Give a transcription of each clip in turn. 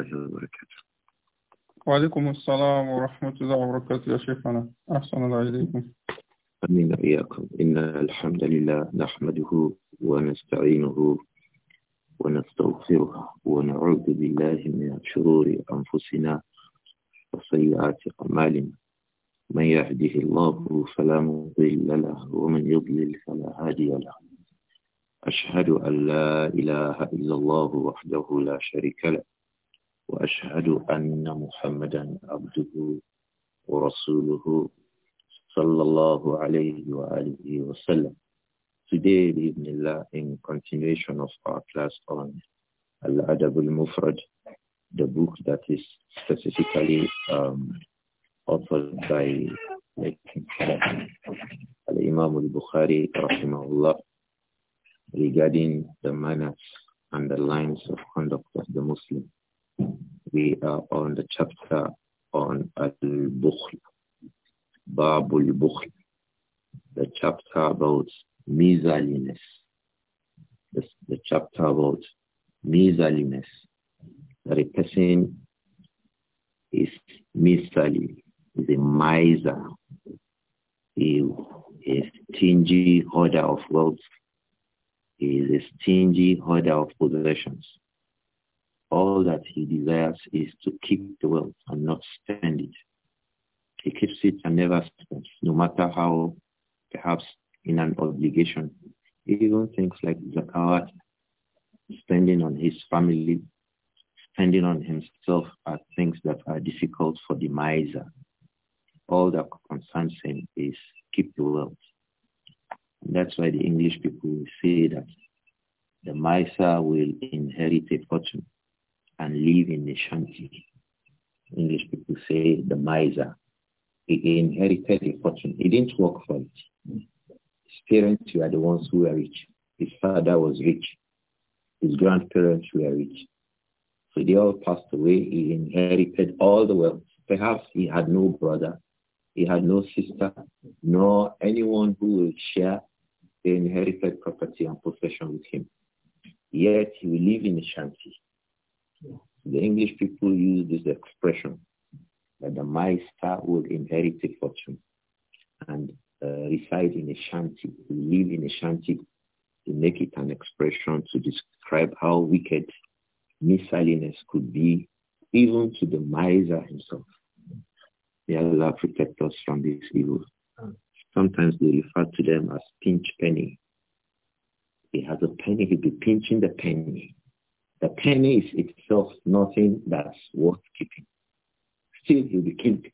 الله وبركاته وعليكم السلام ورحمة الله وبركاته يا شيخنا أحسن الله إليكم أمين إياكم إن الحمد لله نحمده ونستعينه ونستغفره ونعوذ بالله من شرور أنفسنا وسيئات أعمالنا من يهده الله فلا مضل له ومن يضلل فلا هادي له أشهد أن لا إله إلا الله وحده لا شريك له وأشهد أن محمدا عبده ورسوله صلى الله عليه وآله وسلم Today, بإذن in continuation of our class on Al-Adab al-Mufrad, the book that is specifically um, authored by Al-Imam al-Bukhari, rahimahullah, regarding the manners and the lines of conduct of the Muslim. We are on the chapter on Al-Bukhl, Babul Bukhl, the chapter about miserliness, the, the chapter about miserliness, that a person is miserly, is a miser, he is stingy hoarder of wealth, he is a stingy hoarder of possessions all that he desires is to keep the wealth and not spend it. He keeps it and never spends, no matter how perhaps in an obligation. Even things like zakat, spending on his family, spending on himself are things that are difficult for the miser. All that concerns him is keep the wealth. And that's why the English people say that the miser will inherit a fortune and live in a shanty. English people say the miser. He inherited a fortune. He didn't work for it. His parents were the ones who were rich. His father was rich. His grandparents were rich. So they all passed away. He inherited all the wealth. Perhaps he had no brother. He had no sister, nor anyone who would share the inherited property and possession with him. Yet he will live in a shanty. The English people use this expression that the master would inherit a fortune and uh, reside in a shanty, live in a shanty, to make it an expression to describe how wicked miscellaneous could be even to the miser himself. May Allah protect us from this evil. Sometimes they refer to them as pinch penny. He has a penny, he'll be pinching the penny. The penny is itself nothing that's worth keeping. Still, he begin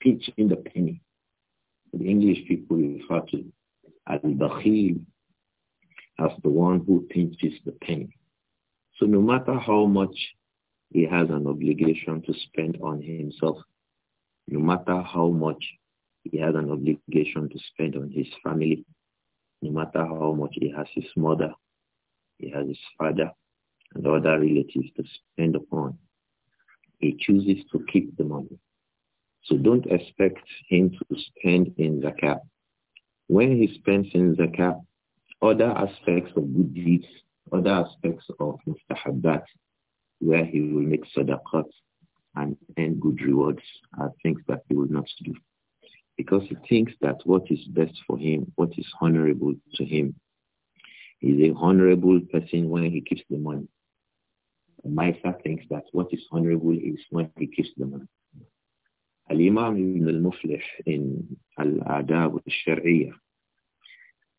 pitching the penny. The English people refer to the bakhil as the one who pinches the penny. So no matter how much he has an obligation to spend on himself, no matter how much he has an obligation to spend on his family, no matter how much he has his mother, he has his father, and other relatives to spend upon. He chooses to keep the money. So don't expect him to spend in zakat. When he spends in zakat, other aspects of good deeds, other aspects of mustahabbat, where he will make sadaqat and earn good rewards are things that he will not do. Because he thinks that what is best for him, what is honorable to him, is a honorable person when he keeps the money miser thinks that what is honorable is when he kisses the money. Al-Imam Ibn al-Muflih in Al-Adab al-Shar'iyya,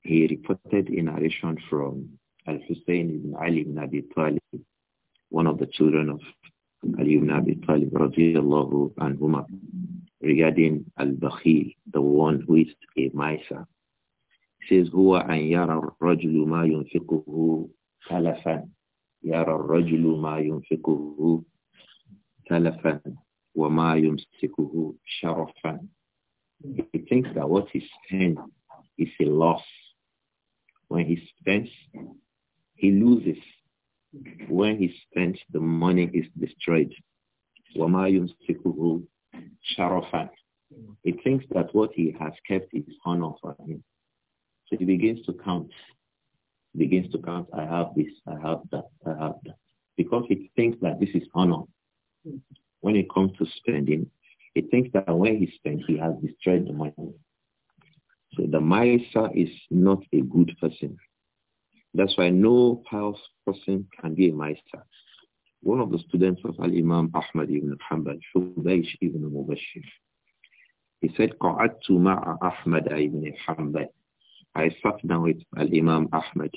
he reported in narration from Al-Hussein ibn Ali ibn Abi Talib, one of the children of Ali ibn Abi Talib radiallahu anhuma, regarding Al-Bakhil, the one who is a miser. He says, هو أن يرى الرجل ما ينفقه تلفا يرى الرجل ما ينفقه وما يمسكه شرفا He thinks that what he spends is a loss. When he spends, he loses. When he spends, the money is destroyed. وَمَا يُمْسِكُهُ شَرَفًا He thinks that what he has kept is honor for him. So he begins to count begins to count, I have this, I have that, I have that. Because it thinks that this is honor. When it comes to spending, it thinks that when he spends, he has destroyed the money. So the miser is not a good person. That's why no pious person can be a miser. One of the students of Al-Imam Ahmad ibn Hanbal, Shubaysh ibn Mubashir, he said, قعدت مع أحمد ibn Hanbal I sat down with Al-Imam Ahmad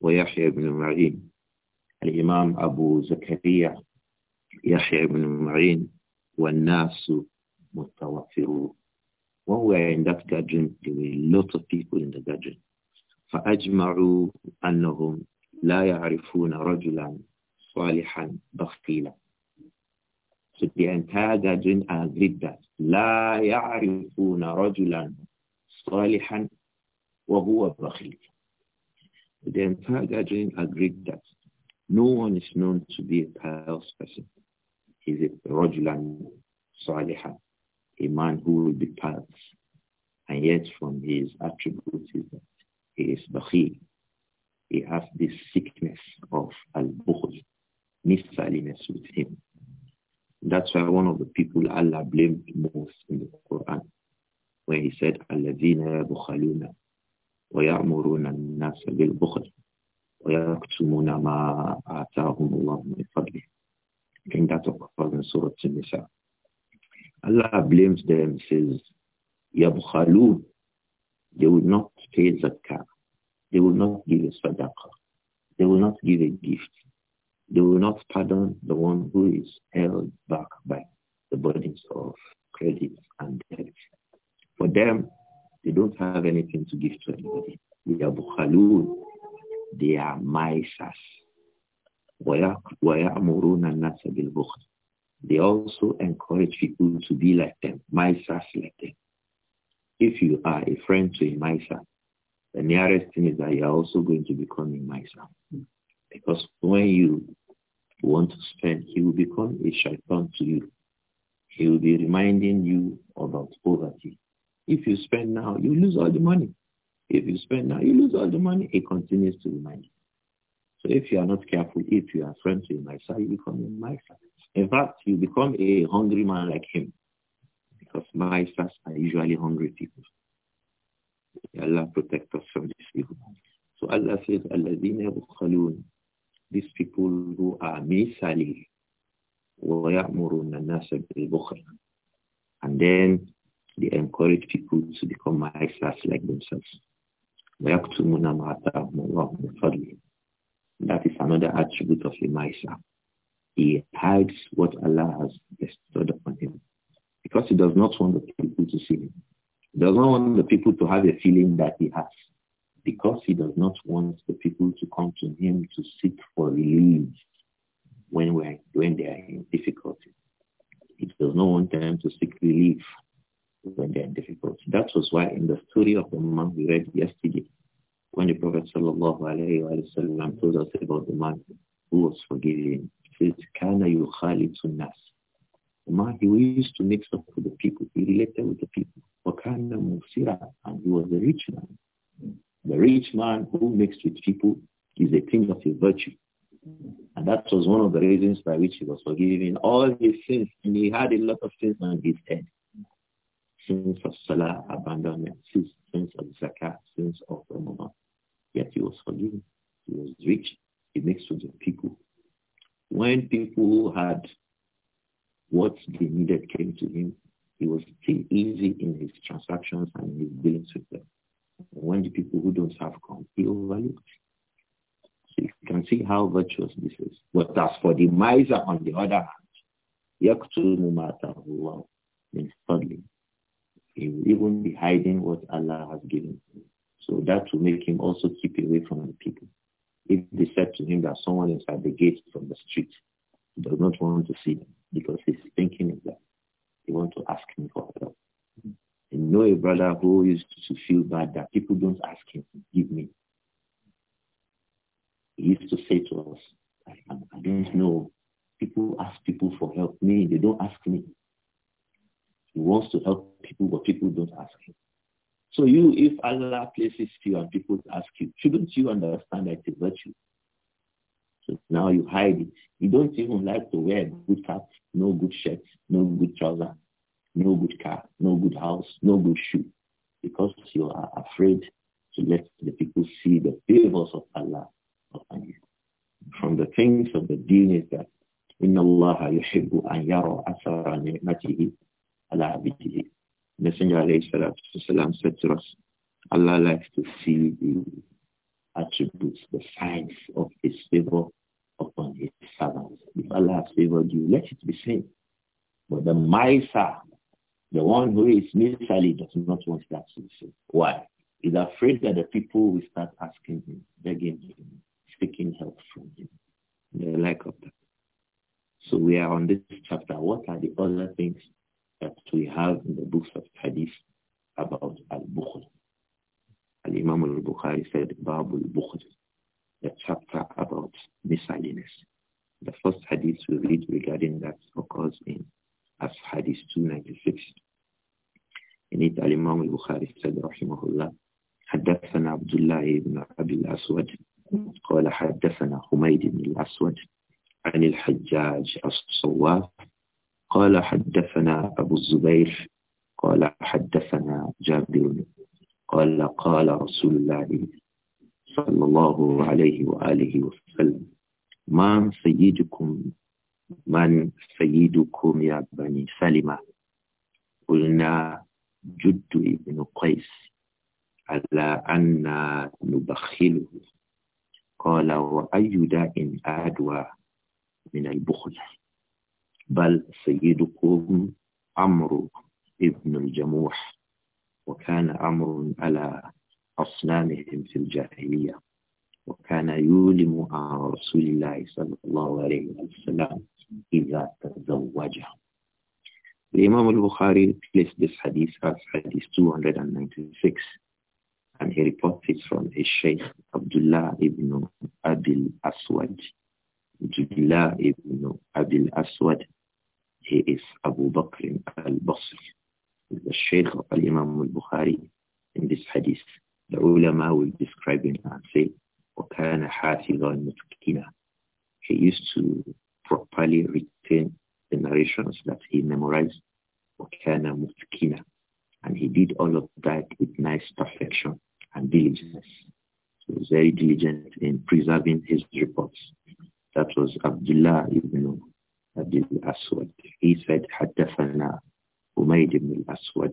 wa Yahya ibn Ma'in, Al-Imam Abu Zakaria, Yahya ibn Ma'in, wa Nasu Mutawafiru. When we were in that gathering, there were a lot of people in the gathering. فأجمعوا أنهم لا يعرفون رجلا صالحا بَخْتِيلًا So the entire gathering agreed that لا يعرفون رجلا صالحا The entire gathering agreed that no one is known to be a pious person. He's a rajulan salihan, a man who will be pious. And yet from his attributes is that he is bakhil. He has this sickness of al-bukhl, missaliness with him. That's why one of the people Allah blamed most in the Quran, when he said, الَّذِينَ يَبُخَلُونَ ويأمرون الناس بالبخل ويكتمون ما آتاهم الله من فضله I think that occurs in Surah Allah blames them, says, Yabkhalu, they will not pay zakah. They will not give a sadaqah. They will not give a gift. They will not pardon the one who is held back by the burdens of credit and debt. For them, they don't have anything to give to anybody. They are bukhalun. They are maisas. They also encourage people to be like them, maysas like them. If you are a friend to a maysa, the nearest thing is that you are also going to become a maysa. Because when you want to spend, he will become a shaitan to you. He will be reminding you about poverty. If you spend now, you lose all the money. If you spend now, you lose all the money. It continues to remind you. So if you are not careful, if you are friends with Maisa, you become a Maisa. In fact, you become a hungry man like him. Because Maisas are usually hungry people. Allah protect us from this evil. So Allah says, Allah Bukhalun, these people who are misali, وَيَأْمُرُونَ And then they encourage people to become Maisas like themselves. That is another attribute of a Maisa. He hides what Allah has bestowed upon him because he does not want the people to see him. He does not want the people to have a feeling that he has because he does not want the people to come to him to seek for relief when, when they are in difficulty. He does not want them to seek relief when they are That was why in the story of the man we read yesterday, when the Prophet sallallahu told us about the man who was forgiven, he says, Kana nas. The man, he used to mix up with the people. He related with the people. Wakana and he was a rich man. The rich man who mixed with people is a thing of virtue. And that was one of the reasons by which he was forgiven all his sins. And he had a lot of sins on his head sins of salah, abandonment, sins of zakah, sins of Ramadan. Yet he was forgiven. He was rich. He mixed with the people. When people had what they needed came to him, he was still easy in his transactions and his dealings with them. When the people who don't have come, he overlooked. So you can see how virtuous this is. But as for the miser, on the other hand, no matter تَهُوَّهُ من فضله he will even be hiding what Allah has given him. So that will make him also keep away from the people. If they said to him that someone is at the gate from the street, he does not want to see them because he's thinking of that. He wants to ask him for help. And know a brother who used to feel bad that people don't ask him, to give me. He used to say to us, I, I don't know. People ask people for help. Me, they don't ask me. He wants to help people, but people don't ask him. So you, if Allah places you and people ask you, shouldn't you understand that it's virtue? So now you hide it. You don't even like to wear a good cap, no good shirt, no good trouser, no good car, no good house, no good shoe, because you are afraid to let the people see the favors of Allah upon you. From the things of the deen is that إن الله يحب أن يرى أثر نعمته ala abdihi. Messenger alayhi said to us, Allah likes to see the attributes, the signs of his favor upon his servants. If Allah has favored you, let it be seen. But the miser, the one who is miserly, does not want that to be seen. Why? He's afraid that the people will start asking him, begging him, seeking help from him. The like of that. So we are on this chapter. What are the other things that we have in the books of hadith about al-bukhl. Al-Imam al-Bukhari said, al bukhl the chapter about miscellaneous. The first hadith we read regarding that occurs in as hadith 296. In it, Al-Imam al-Bukhari said, Rahimahullah, حدثنا عبد الله بن أبي الأسود قال حدثنا حميد بن الأسود عن الحجاج الصواف قال حدثنا أبو الزبير قال حدثنا جابر قال قال رسول الله صلى الله عليه وآله وسلم من سيدكم من سيدكم يا بني سلمة قلنا جد ابن قيس على أن نبخله قال وأي داء أدوى من البخل بل سيدكم عمرو ابن الجموح وكان عمرو على أصنامهم في الجاهلية وكان يولم على رسول الله صلى الله عليه وسلم إذا تزوجه الإمام البخاري placed this hadith as hadith 296 and he reports it from his Sheikh Abdullah ibn Abil Aswad Abdullah ibn Abil Aswad He is Abu Bakr al-Basri, the Shaykh of Al-Imam al-Bukhari in this hadith. The ulama will describe him and say, وَكَانَ حَافِظًا مُتْكِنًا He used to properly retain the narrations that he memorized. وَكَانَ مُتْكِنًا And he did all of that with nice perfection and diligence. So, very diligent in preserving his reports. That was Abdullah ibn أبي الأسود he said حدثنا حميد بن الأسود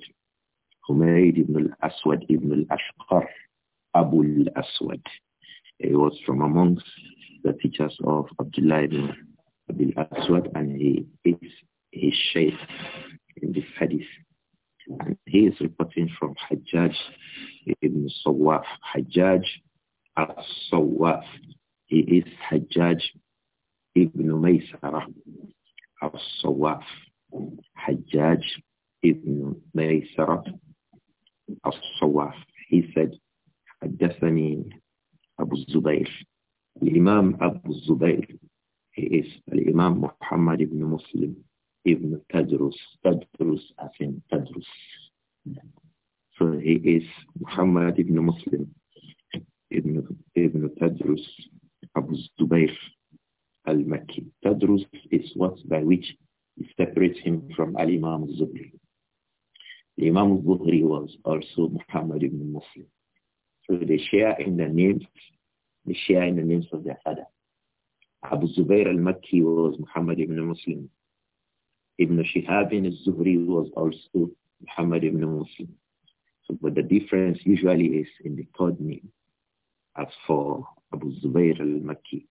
حميد بن الأسود ابن الأشقر أبو الأسود he was from amongst the teachers of Abdullah ibn Abil Aswad and he is his shaykh in this hadith. And he is reporting from Hajjaj ibn Sawaf. Hajjaj al-Sawaf. He is Hajjaj ibn Maysarah wa Shihab ibn Zuhri was also Muhammad ibn Muslim. So, but the difference usually is in the code name. As for Abu Zubair al-Makki,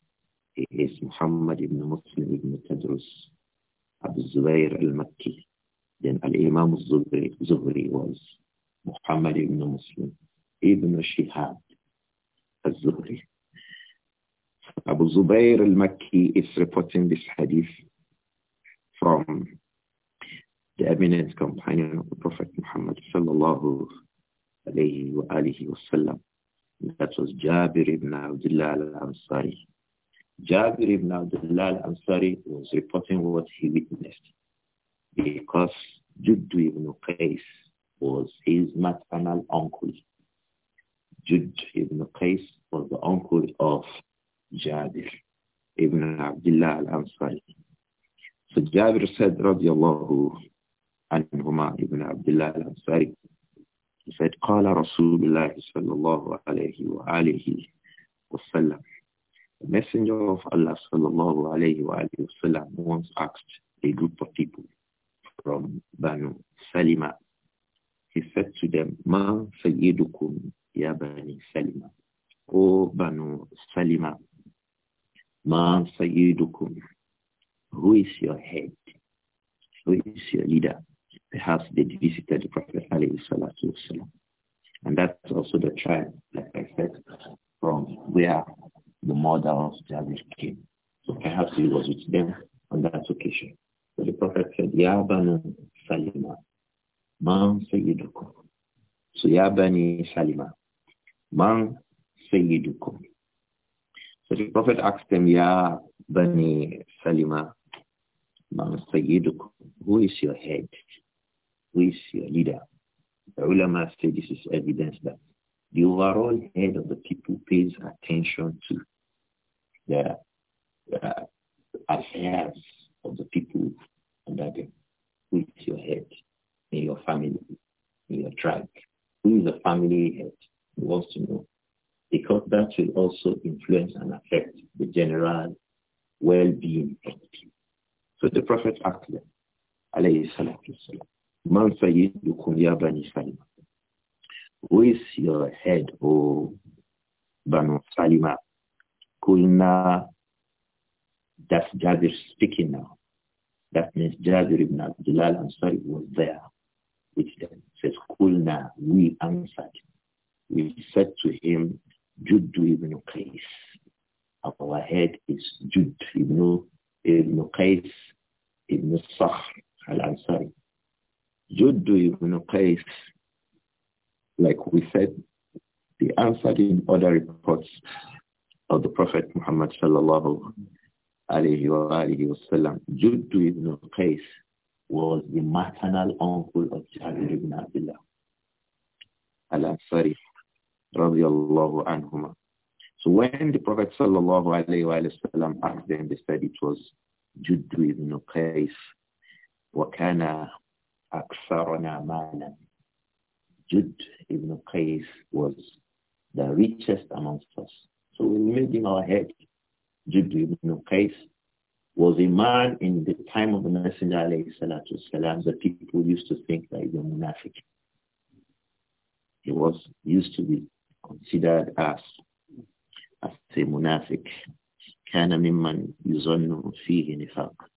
he is Muhammad ibn Muslim ibn Tadrus, Abu Zubair al-Makki. Then Al-Imam Zuhri, Zuhri was Muhammad ibn Muslim, ibn Shihab al-Zuhri. Abu Zubair al-Makki is reporting this hadith ibn Abdullah al-Ansari. Jabir ibn Abdullah al-Ansari was reporting what he witnessed because Juddu ibn Qais was his maternal uncle. Judd ibn Qais was the uncle of Jabir ibn Abdullah al-Ansari. So Jabir said, radiyallahu anhuma ibn Abdullah al-Ansari, he said, قال رسول الله صلى الله عليه وآله asked a group of people from Banu Salima. He said to them, Ma sayyidukum ya Bani Salima. O Banu Salima, Ma sayyidukum. Who is your head? Who is your leader? Perhaps they visited the Prophet alayhi Salima, Man Sayyidukum. So the Prophet asked them, Ya Bani Salima, Man Sayyidukum, who is your head? sallallahu alayhi wa sallam asked them, they said it was Juddu ibn Qais. وَكَانَ أَكْثَرَنَا مَالًا Judd ibn Qais was the richest amongst us. So we made in our head. Judd ibn Qais was a man in the time of the Messenger alayhi salatu salam that people used to think that was a munafiq. He was used to be considered as as a munafiq. كان ممن يظن فيه نفاق.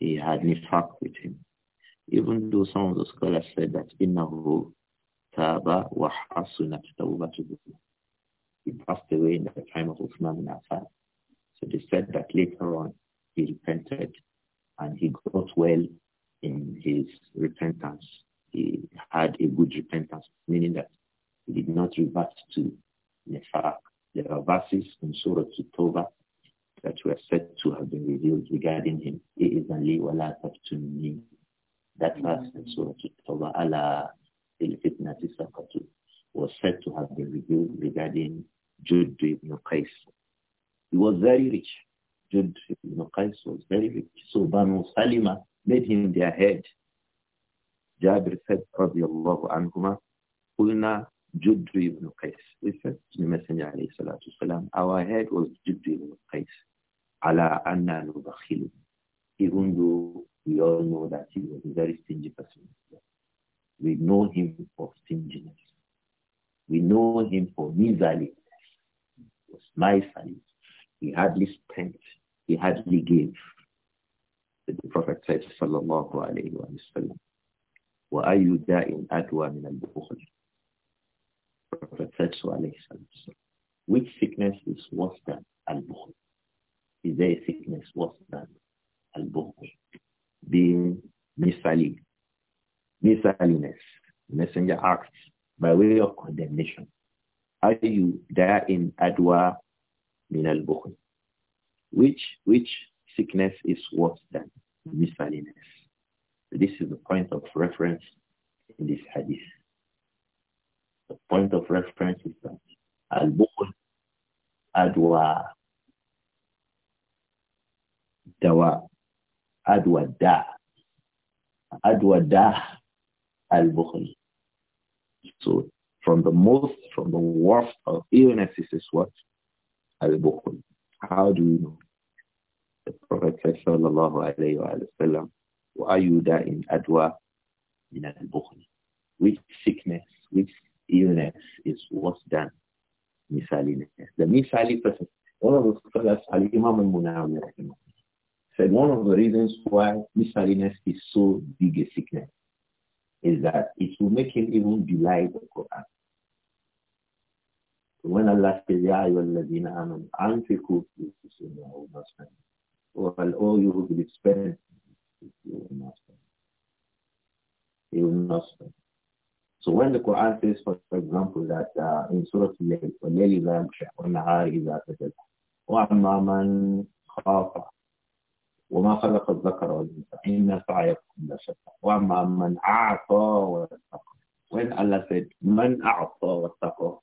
He had nifaq with him. Even though some of the scholars said that إنه تاب وحسنت توبته. He passed away in the time of Uthman bin Affan. So they said that later on he repented and he got well in his repentance. He had a good repentance, meaning that he did not revert to Nefak. There are verses in Surah Tawbah that were said to have been revealed regarding him. he is Ali wala taftunni. That mm-hmm. verse in Surah Tawbah, Allah fitnati saqatu, was said to have been revealed regarding Judd ibn Qais. He was very rich. Judd ibn Qais was very rich. So Banu Salima made him their head. Jabir said, رضي الله عنهما, قلنا Judri ibn Qais. We said to the Messenger alayhi salatu salam, our head was Judri ibn Qais. Ala anna nubakhilu. Even though we all know that he was a very stingy person. We know him for stinginess. We know him for miserliness. He was miserly. He hardly spent. He hardly gave. The Prophet said, sallallahu alayhi wa sallam, وَأَيُّ دَاءٍ أَدْوَى مِنَ الْبُخْلِ Prophet to which sickness is worse than alcohol? Is there a sickness worse than alcohol? Being misallin, miserliness. The messenger acts by way of condemnation. Are you there in adwa min al -Bukhul? Which which sickness is worse than miserliness? This is the point of reference in this hadith. The point of reference is that al adwa dawa adwa da adwa da al Bukhari. So from the most, from the worst of illnesses is what? al Bukhari. How do you know? The Prophet sallallahu alayhi wa sallam, in Adwa in Al Bukhari? Which sickness, which illness is worse than misaliness. The misali person, one of the scholars, Al-Imam al-Munawi, said one of the reasons why misaliness is so big a sickness is that it will make him even belie the Quran. When Allah says, Ya ayyuhalladhina amanu, anfiqu fi sabilillah wa all you who will spend, you will not spend. So when the Quran says, for, for example, that uh, in Surah Al-Layl, وَاللَّيْلِ إِذَا يَغْشَى وَالنَّهَارِ إِذَا سَجَدَ وَأَمَّا مَنْ خَافَ وما خلق الذكر والأنثى إن سعيكم لشتى وما من أعطى واتقى when Allah said من أعطى واتقى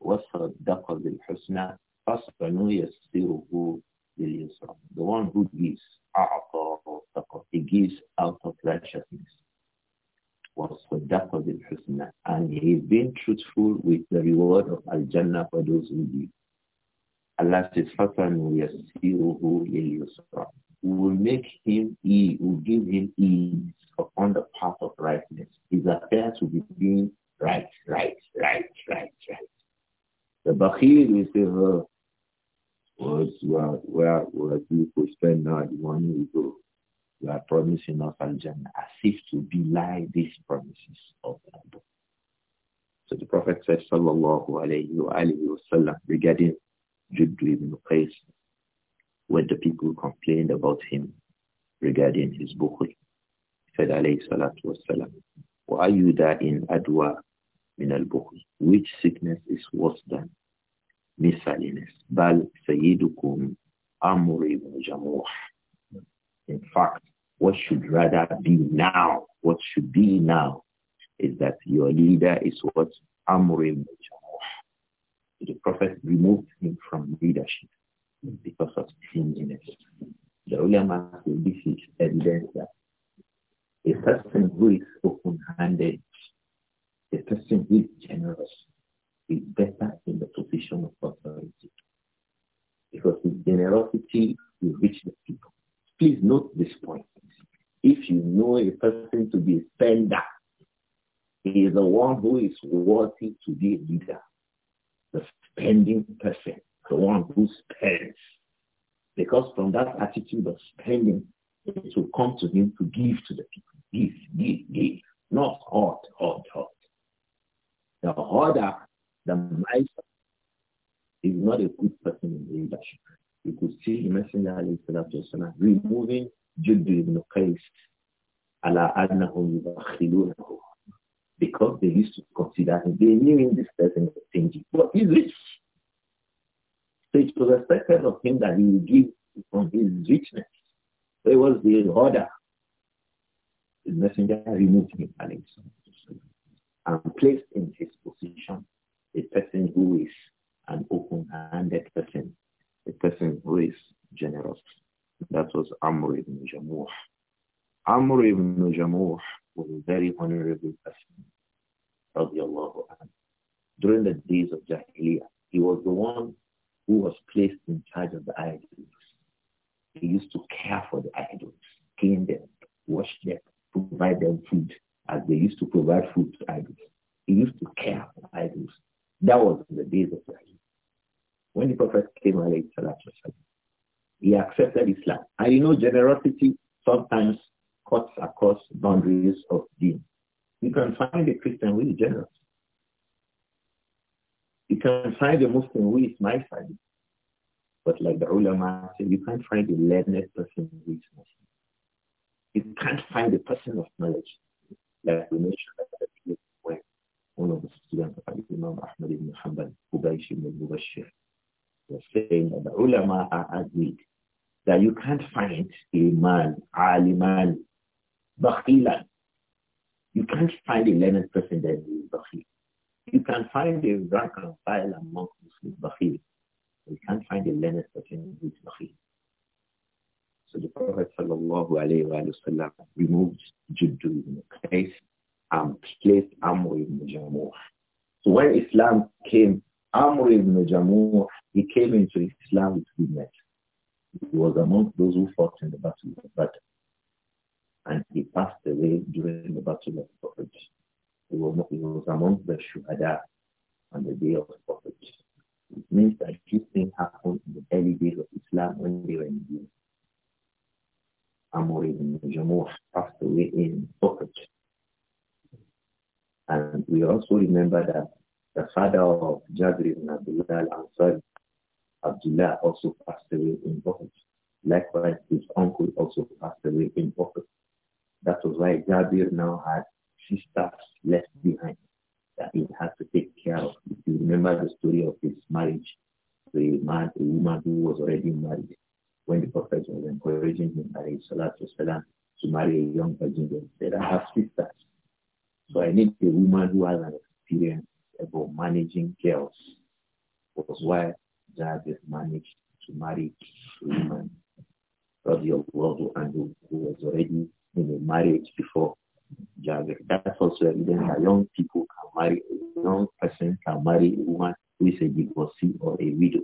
وصدق بالحسنى فسنيسره لليسرى the one who gives أعطى واتقى he gives out of righteousness and he has been truthful with the reward of Al-Jannah for those who do. Allah says, We will make him ease, we will give him ease upon the path of rightness. His affairs will be being right, right, right, right, right. The Bakir will say, oh, where, where, where people spend now the money we go. You are promising us Al-Jannah as if to belie these promises of Allah. So the Prophet says, Sallallahu alayhi wa regarding Judd ibn Qais, when the people complained about him regarding his bukhul, he said, alayhi salatu wa sallam, وَأَيُّ دَاءٍ أَدْوَى مِنَ Which sickness is worse than Bal بَلْ سَيِّدُكُمْ ibn بْنُ In fact, what should rather be now, what should be now, is that your leader is what Amrim the Prophet removed him from leadership because of stinginess. The ulama said, this is evidence that a person who is open-handed, a person who is generous, is better in the position of authority. Because with generosity, you reach the people. Please note this point. If you know a person to be a spender, he is the one who is worthy to be a leader. The spending person, the one who spends. Because from that attitude of spending, it will come to him to give to the people. Give, give, give. Not hot, hot, hot. The harder, the miser is not a good person in leadership you could see the Messenger والسلام, removing Judd ibn Qais ala annahum yubakhilunahu because they used to consider him. They knew him this person was stingy. But he's rich. So it was expected of him that he would give from his richness. So it was the order. The messenger removed him, and placed in his position a person who is an open-handed person, a person who is generous. That was Amr ibn Jamuh. Amr ibn Jamuh was a very honorable person. During the days of Jahiliyyah, he was the one who was placed in charge of the idols. He used to care for the idols, clean them, wash them, provide them food, as they used to provide food know, generosity sometimes cuts across boundaries of deen. You can find a Christian who is generous. You can find a Muslim who is mindful. But like the ulama said, you can't find a learned person who is Muslim. You can't find a person of married to a woman, radiallahu who was already in a marriage before Jabir. That's also reason that young people can marry, a young person can marry a woman who is a divorcee or a widow.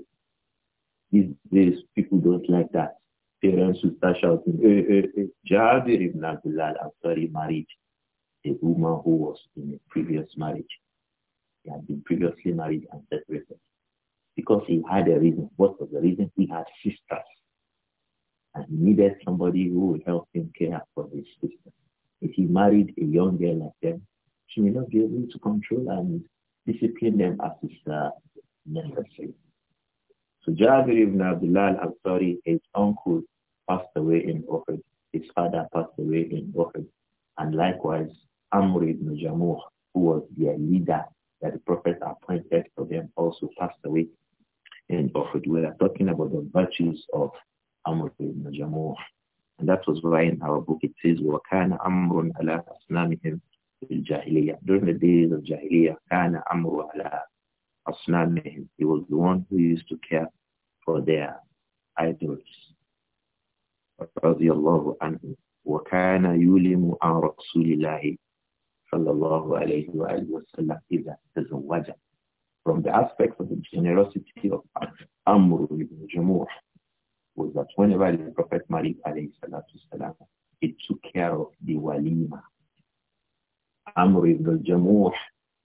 These days, people don't like that. Parents will start shouting, hey, eh, eh, hey, eh, hey. Jabir ibn Abdullah married a woman who was in a previous marriage. He had been previously married and separated because he had a reason. What was the reason? He had sisters. And he needed somebody who would help him care for his sisters. If he married a young girl like them, she may not be able to control and discipline them as is uh, necessary. So Jabir ibn Abdullah al-Ansari, his uncle, passed away in Uhud. His father passed away in Uhud. And likewise, Amr ibn Jamuh, who was their leader that the Prophet appointed for them, also passed away in Uhud. We are talking about the virtues of Amr ibn Jamuh. And that was why in our book it says, وَكَانَ أَمْرٌ عَلَىٰ أَصْنَامِهِمْ الْجَاهِلِيَّةِ During the days of Jahiliyyah, كَانَ أَمْرٌ عَلَىٰ أَصْنَامِهِمْ He was the one who used to care for their idols. رضي الله عنه وكان يلم عن رسول الله صلى الله عليه وآله وسلم إذا تزوج from the aspects of the generosity of Amr ibn al-Jamur, was that whenever the Prophet married alayhi salam, he took care of the walima. Amr ibn al-Jamur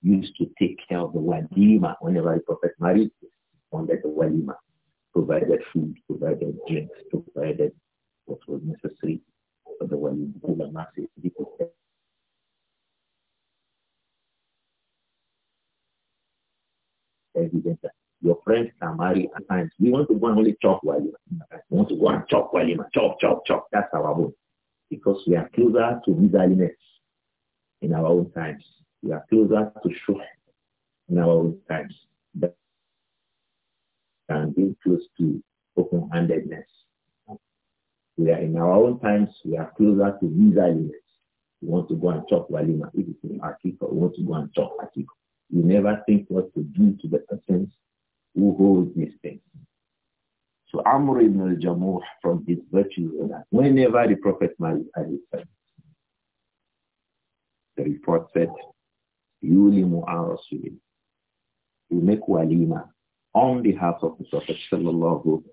used to take care of the walima whenever the Prophet Muhammad under the walima, provided food, provided drinks, provided what was necessary for the walima. evidence that your friends can marry at times. We want to go and only chop walima. We want to go and chop walima, chop, chop, chop. That's our own. Because we are closer to miserliness in our own times. We are closer to shuh in our own times than being close to open-handedness. We are in our own times, we are closer to miserliness. We want to go and chop walima. If it's in Akiko, we want to go and chop Akiko. You never think what to do to the persons who hold these things. So Amr ibn al-Jamuh from his virtue that whenever the Prophet Muhammad Ali the report said, Yulimu an You make walima on behalf of the Prophet sallallahu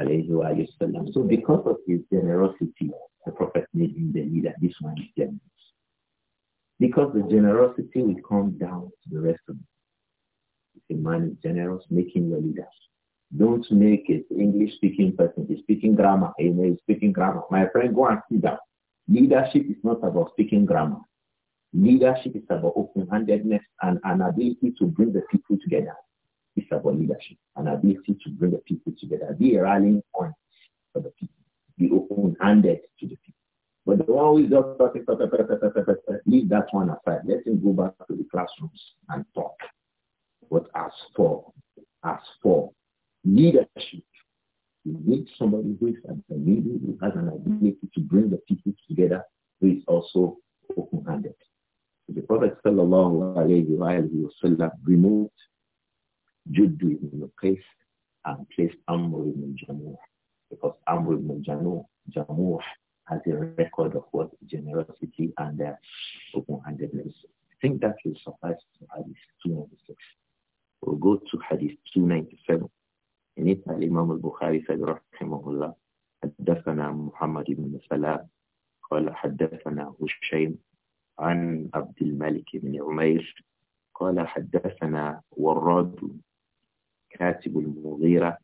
alayhi wa sallam. So because of his generosity, the Prophet made him the leader. This one is generous. Because the generosity will come down to the rest of them. If a man is generous, make him your leader. Don't make it English-speaking person. He's speaking grammar. Amen. He's speaking grammar. My friend, go and see that. Leadership is not about speaking grammar. Leadership is about open-handedness and an ability to bring the people together. It's about leadership, an ability to bring the people together. Be a rallying point for the people. Be open-handed to the people. But the one who is just leave that one aside. Let him go back to the classrooms and talk. But as for, as for leadership, you need somebody who is an leader, who has an ability to bring the people together, who is also open-handed. The Prophet sallallahu alayhi wa sallam removed in the place and placed Amr ibn Jamur because Amr ibn Jamur, Jamur as a record of what generosity and uh, open-handedness. I think that will suffice to Hadith 296. We'll go to Hadith 297. In it, Imam al-Bukhari said, Rahimahullah, حدثنا محمد بن سلام قال حدثنا هشيم عن عبد الملك بن عمير قال حدثنا وراد كاتب المغيرة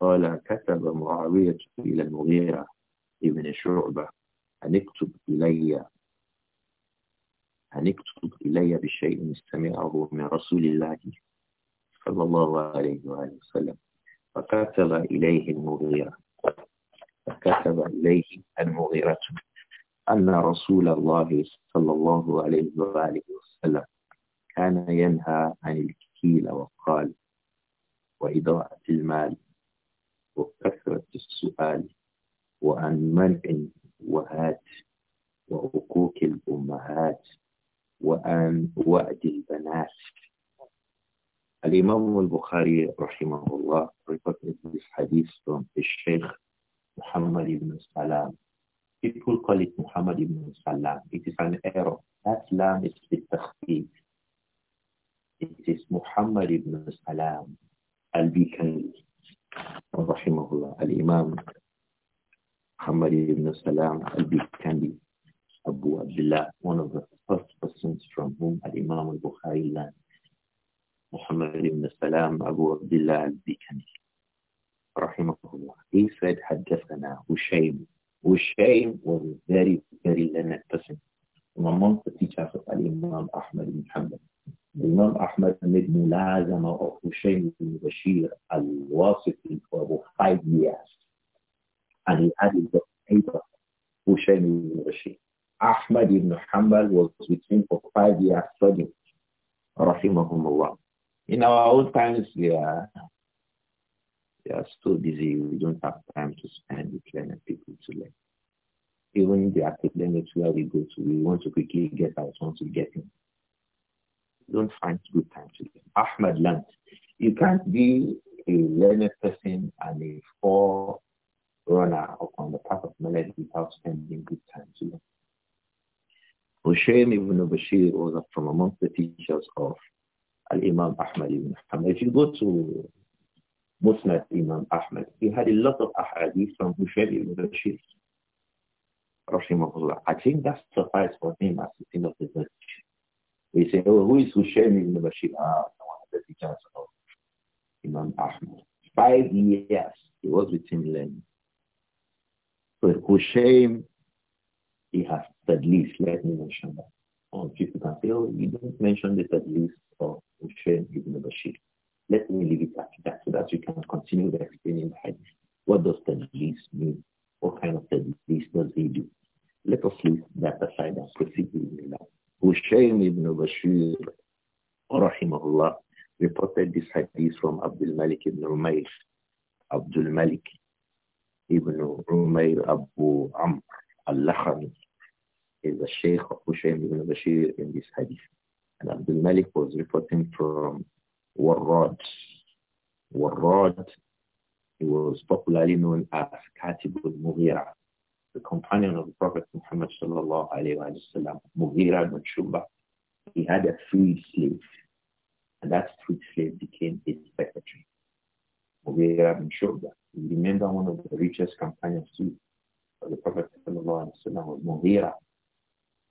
قال كتب معاوية إلى المغيرة ابن إيه شعبة أن اكتب إلي أن اكتب إلي بشيء سمعه من رسول الله صلى الله عليه وآله وسلم فكتب إليه المغيرة فكتب إليه المغيرة أن رسول الله صلى الله عليه وآله وسلم كان ينهى عن الكيل وقال وإضاعة المال وكثرة السؤال وعن منع وهات وأكوك الأمهات وعن وعد البنات الإمام البخاري رحمه الله reported this hadith from الشيخ محمد بن سلام People call it Muhammad ibn Salam. It is an error. That lamb is the takhfif. It is Muhammad ibn Salam al-Bikani. رحمه الله الإمام Muhammad ibn Salam al-Bikandi, Abu Abdullah, one of the first persons from whom Imam al-Bukhari learned. Muhammad ibn Salam Abu Abdullah al-Bikandi. Rahimahullah. He said, Haddathana Hushaym. Hushaym was a very, very learned person from among the teachers of Imam Ahmad ibn Hanbal. Imam Ahmad made mulazama of Hushaym ibn Bashir al-Wasiti for about five years and he had his neighbor, Hushayn ibn Rashid. Ahmad ibn Hanbal was with him for five years studying, rahimahumullah. In our own times, we are, we are still busy, we don't have time to spend with learning people to learn. Even the academics where we go to, we want to quickly get out once we get in. We don't find good time to learn. Ahmad learned. You can't be a learned person and a four runner on the path of knowledge without spending good time to them. Hushaym ibn Bashir was from amongst the teachers of Al-Imam Ahmad ibn Hamad. If you go to Musnad Imam Ahmad, he had a lot of ahadith from Hushaym ibn Bashir. Rahimahullah. I think that suffices for him as a thing of the church. We say, oh, who is Hushaym ibn Bashir? Ah, one of the teachers of Imam Ahmad. Five years he was him learning. For Hushaym, he has least, Let me mention that. On people can say, you didn't mention the least of Hushaym ibn Bashir. Let me leave it at that so that we can continue the explaining the hadith. What does tadlis mean? What kind of tadlis does he do? Let us leave that aside and proceed with that. Hushaym ibn Bashir, rahimahullah, reported this hadith from Abdul Malik ibn Umayr. Abdul Malik Ibn Umayr Abu Amr al Lakhani is the Sheikh of Hushayn ibn Bashir in this hadith. And Abdul Malik was reporting from Warrad. Warrad, he was popularly known as Katib al-Mughira, the companion of the Prophet Muhammad sallallahu alayhi wa sallam, Mughira ibn Shuba. He had a freed slave, and that freed slave became his secretary, Mughira ibn Shuba. Remember one of the richest companions too of the Prophet was Mughira.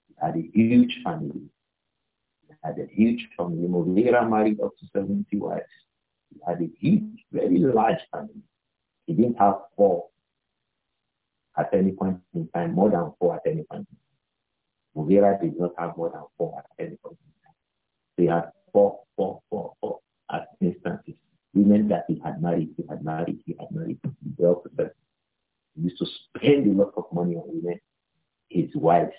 He had a huge family. He had a huge family. Mughira married up to 70 wives. He had a huge, very large family. He didn't have four at any point in time, more than four at any point. Mughira did not have more than four at any point in time. He had four, four, four, four at instances. Women that he had married, he had married, he had married. Well He used to spend a lot of money on women, his wives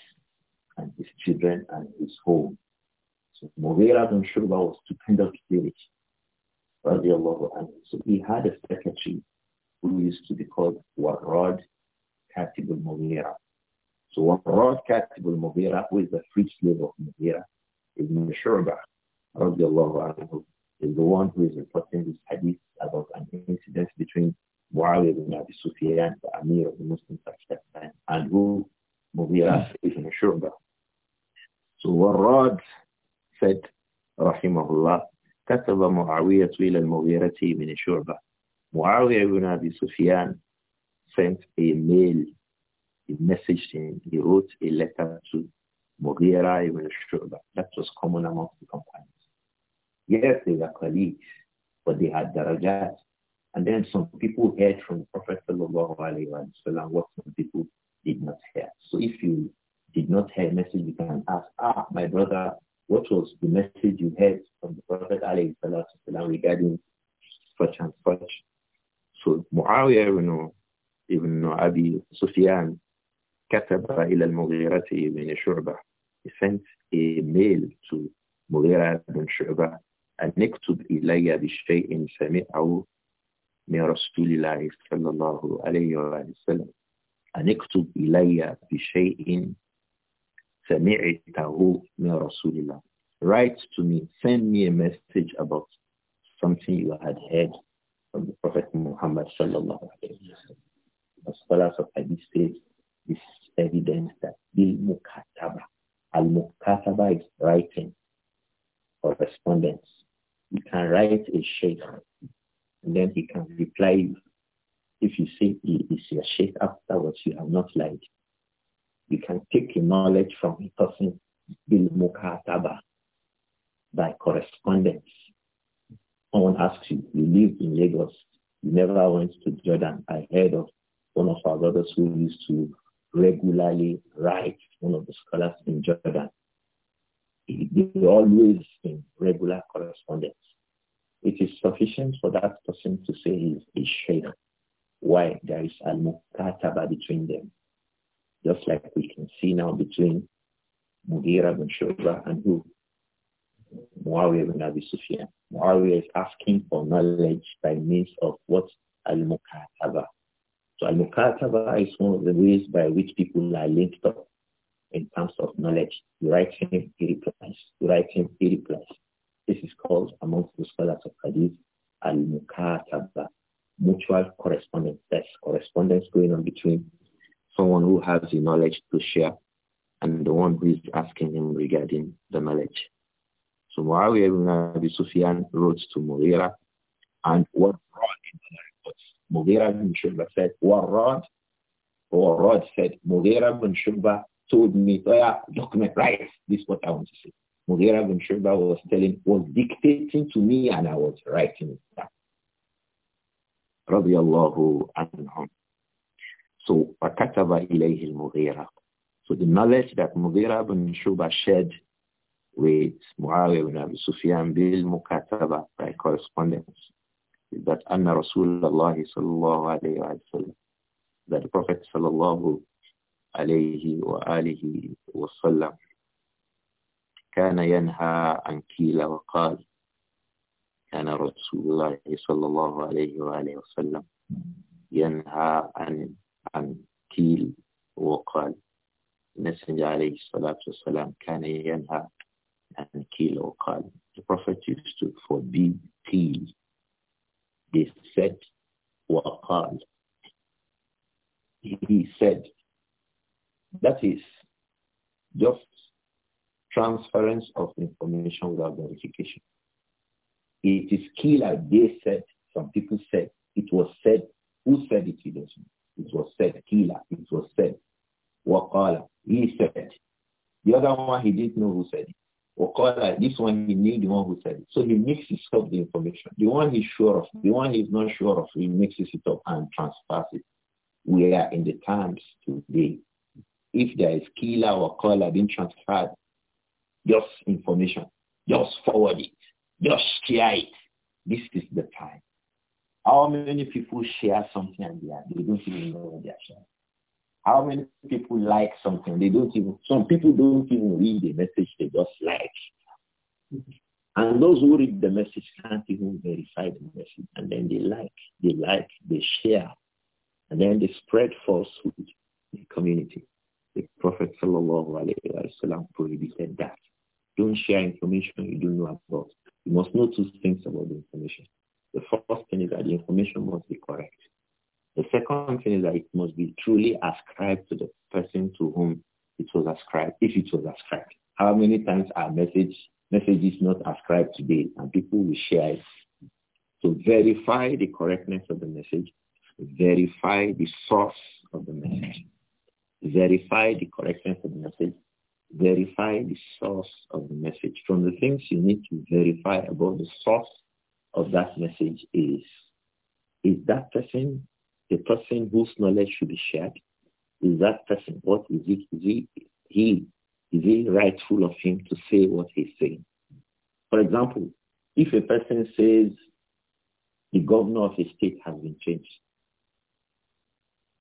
and his children and his home. So Mughira bin Shurba was stupendous village. So he had a secretary who used to be called Warad Katibul Mughira. So Warad Katibul Mughira, who is the free slave of Mughira, is Shurba, radiallahu anhu, is the one who is reporting this hadith about an incident between Muawiyah ibn Abi Sufyan, the Amir of the Muslims at that time, and who Mu'awiyah ibn Shurba. So Warad said, Rahimahullah, كتب معاوية إلى المغيرة من شعبة. Muawiya ibn Abi Sufyan sent a mail, he messaged him, he wrote a letter to Mughira ibn Shu'bah. That was common among the Yes, they were colleagues, but they had darajat. And then some people heard from Prophet Sallallahu Alaihi Wasallam what some people did not hear. So if you did not hear a message, you can ask, ah, my brother, what was the message you heard from the Prophet Alayhi Wasallam regarding such and such? So Muawiyah ibn, ibn Abi Sufyan كتب إلى المغيرة بن شعبة. He sent a mail to Mughira and Shu'bah نكتب إلي بشيء سمعه من رسول الله صلى الله عليه وسلم أن إلي بشيء سمعته من رسول الله Write to me, send me a message about something you had heard from the Prophet Muhammad sallallahu alayhi wa sallam. The scholars of Hadith this is evidence that al-mukataba, al-mukataba is writing correspondence. You can write a sheikh, and then he can reply you. If you say he is your sheikh afterwards, you have not lied. You can take knowledge from a person, bil mukataba, by correspondence. Someone asks you, you live in Lagos, you never went to Jordan. I heard of one of our brothers who used to regularly write, one of the scholars in Jordan. They're always in regular correspondence. It is sufficient for that person to say he's a shaykh. Why? There is al-mukataba between them. Just like we can see now between Mughira bin Shuba and who? Muawiyah bin Abi Sufyan. Muawiyah is asking for knowledge by means of what? Al-Mukataba. So Al-Mukataba is one of the ways by which people are linked up in terms of knowledge. You write him, he replies. You write him, he replies. This is called amongst the scholars of Hadith al-mukataba, mutual correspondence. correspondence going on between someone who has the knowledge to share and the one who is asking him regarding the knowledge. So Muawiyah ibn Abi Sufyan wrote to Mughira and what Mughira ibn Shubba said, what Rod, or Rod said, Mughira ibn Shubba told me, oh, yeah, document, right, this is what I want to say. Mughira bin Shuba was telling, was dictating to me and I was writing it down. اللَّهُ anhum. So, فَكَتَبَ إِلَيْهِ الْمُغِيرَةِ So the knowledge that Mughira bin Shuba shared with Muawiyah bin Abi Sufyan bil mukataba by correspondence is that anna اللَّهِ صَلَّى اللَّهُ عَلَيْهِ sallam that the Prophet الله عليه وآله وسلم كان ينهى عن كيل وقال كان رسول الله صلى الله عليه وآله وسلم ينهى عن عن كيل وقال Messenger عليه الصلاة والسلام كان ينهى عن كيل وقال The Prophet used to forbid keel. He said وقال He said that is just transference of information without verification. It is key like they said, some people said, it was said, who said it? It was said, Kila, it was said. Wakala, he said. The other one, he didn't know who said it. Wakala, this one, he knew the one who said it. So he mixes up the information. The one he's sure of, the one he's not sure of, he mixes it up and transfers it. We are in the times today if there is killer or caller being transferred, just information, just forward it, just share it. This is the time. How many people share something and they, are, they don't even know what they are sharing? How many people like something? They don't even, some people don't even read the message, they just like. And those who read the message can't even verify the message. And then they like, they like, they share. And then they spread falsehood in the community. Prophet prohibited that. Don't share information you don't know about. You must know two things about the information. The first thing is that the information must be correct. The second thing is that it must be truly ascribed to the person to whom it was ascribed, if it was ascribed. How many times are message messages not ascribed today and people will share it? So verify the correctness of the message, verify the source of the message verify the correctness of the message, verify the source of the message. From the things you need to verify about the source of that message is, is that person the person whose knowledge should be shared? Is that person, what is it, is he, he, is he rightful of him to say what he's saying? For example, if a person says the governor of a state has been changed,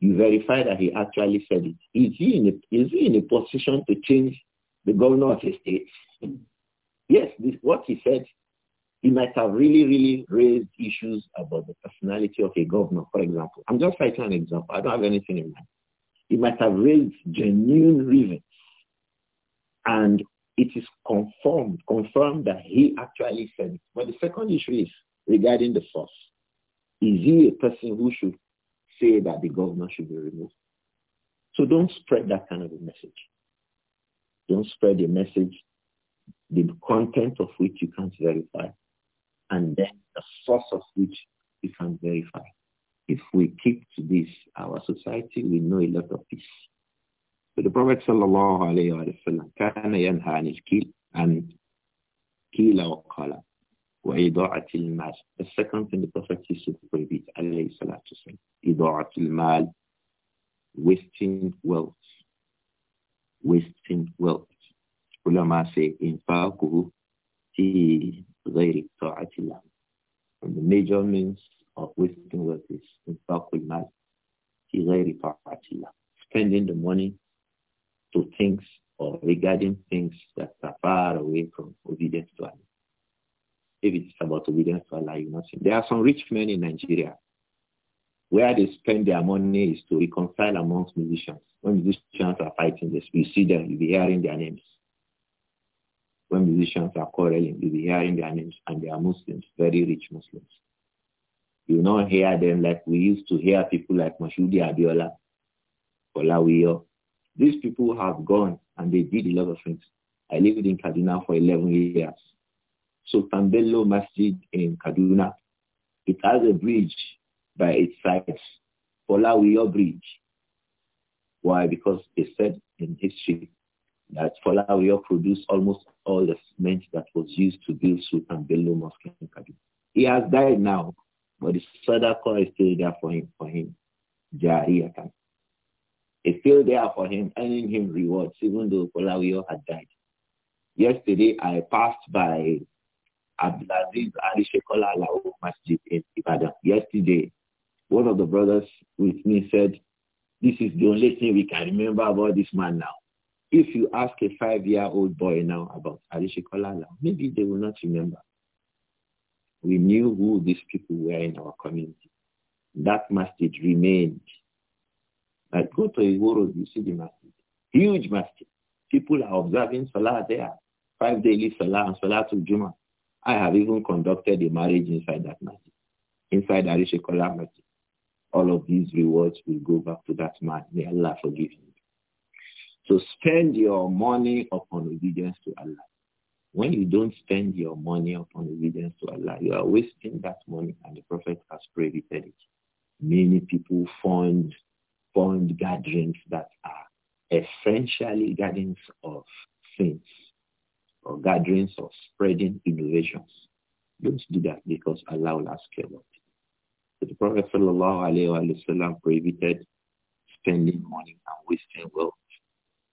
you verify that he actually said it. Is he in a, is he in a position to change the governor of his state? Yes, this, what he said, he might have really, really raised issues about the personality of a governor, for example. I'm just citing an example. I don't have anything in mind. He might have raised genuine reasons. And it is confirmed, confirmed that he actually said it. But the second issue is regarding the source. Is he a person who should say that the governor should be removed. So don't spread that kind of a message. Don't spread a message, the content of which you can't verify, and then the source of which you can not verify. If we keep to this, our society will know a lot of this. So the Prophet sallallahu alayhi wa sallam, كان ينهى عن الكيل عن كيل وقال وإضاعة المال. The second thing the Prophet used to prohibit, alayhi salatu wasalam, إضاعة المال, wasting wealth. Wasting wealth. Ulama say, إنفاقه في غير طاعة الله. And the major means of wasting wealth is إنفاق المال في غير طاعة الله. Spending the money to things or regarding things that are far away from obedience to Allah. If it's about obedience to Allah, you know, There are some rich men in Nigeria where they spend their money is to reconcile amongst musicians. When musicians are fighting this, you see them, you'll be hearing their names. When musicians are quarreling, you'll be hearing their names, and they are Muslims, very rich Muslims. You not hear them like we used to hear people like Mashudi Abiola, Olawiyo. These people have gone and they did a lot of things. I lived in Kaduna for 11 years. Sultan Bello Masjid in Kaduna. It has a bridge by its sides, Folawiyo Bridge. Why? Because they said in history that Folawiyo produced almost all the cement that was used to build Sultan Bello Mosque in Kaduna. He has died now, but the sadaqah is still there for him. For him, jariyatan. It's still there for him, earning him rewards, even though Folawiyo had died. Yesterday, I passed by Abdulaziz Ali Shekola Alao Masjid in Ibadan. Yesterday, one of the brothers with me said, this is the only thing we can remember about this man now. If you ask a five-year-old boy now about Ali Shekola maybe they will not remember. We knew who these people were in our community. That masjid remained. I go to Igoro, you see the masjid. Huge masjid. People are observing Salah there. Five daily Salah and Salah to Jummah. I have even conducted a marriage inside that masjid, inside Arishekola masjid. All of these rewards will go back to that man. May Allah forgive him. So spend your money upon obedience to Allah. When you don't spend your money upon obedience to Allah, you are wasting that money and the Prophet has prohibited it. Many people fund, fund gatherings that are essentially gatherings of sins or gatherings or spreading innovations. Don't do that because Allah will ask you about it. So the Prophet wasallam prohibited spending money and wasting wealth.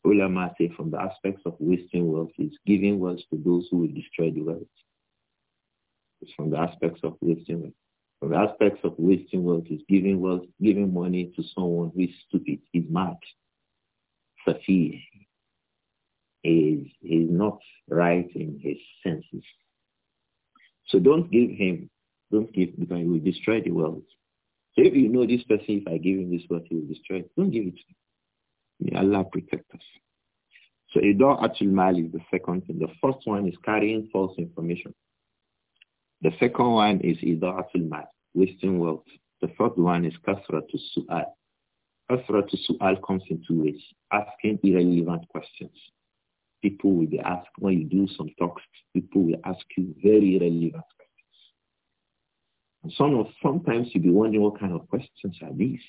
Ulama say from the aspects of wasting wealth is giving wealth to those who will destroy the wealth. It's from the aspects of wasting wealth. From the aspects of wasting wealth is giving wealth, giving money to someone who is stupid, is mad, safir, is he's not right in his senses. So don't give him, don't give because he will destroy the world. So if you know this person, if I give him this word, he will destroy it. Don't give it to him. May Allah protect us. So Atul mal is the second thing. The first one is carrying false information. The second one is Atul mal, wasting wealth. The third one is kasra kasratu su'al. to su'al comes in two ways, asking irrelevant questions people will be asked, when you do some talks, people will ask you very relevant questions. And some of, sometimes you'll be wondering what kind of questions are these.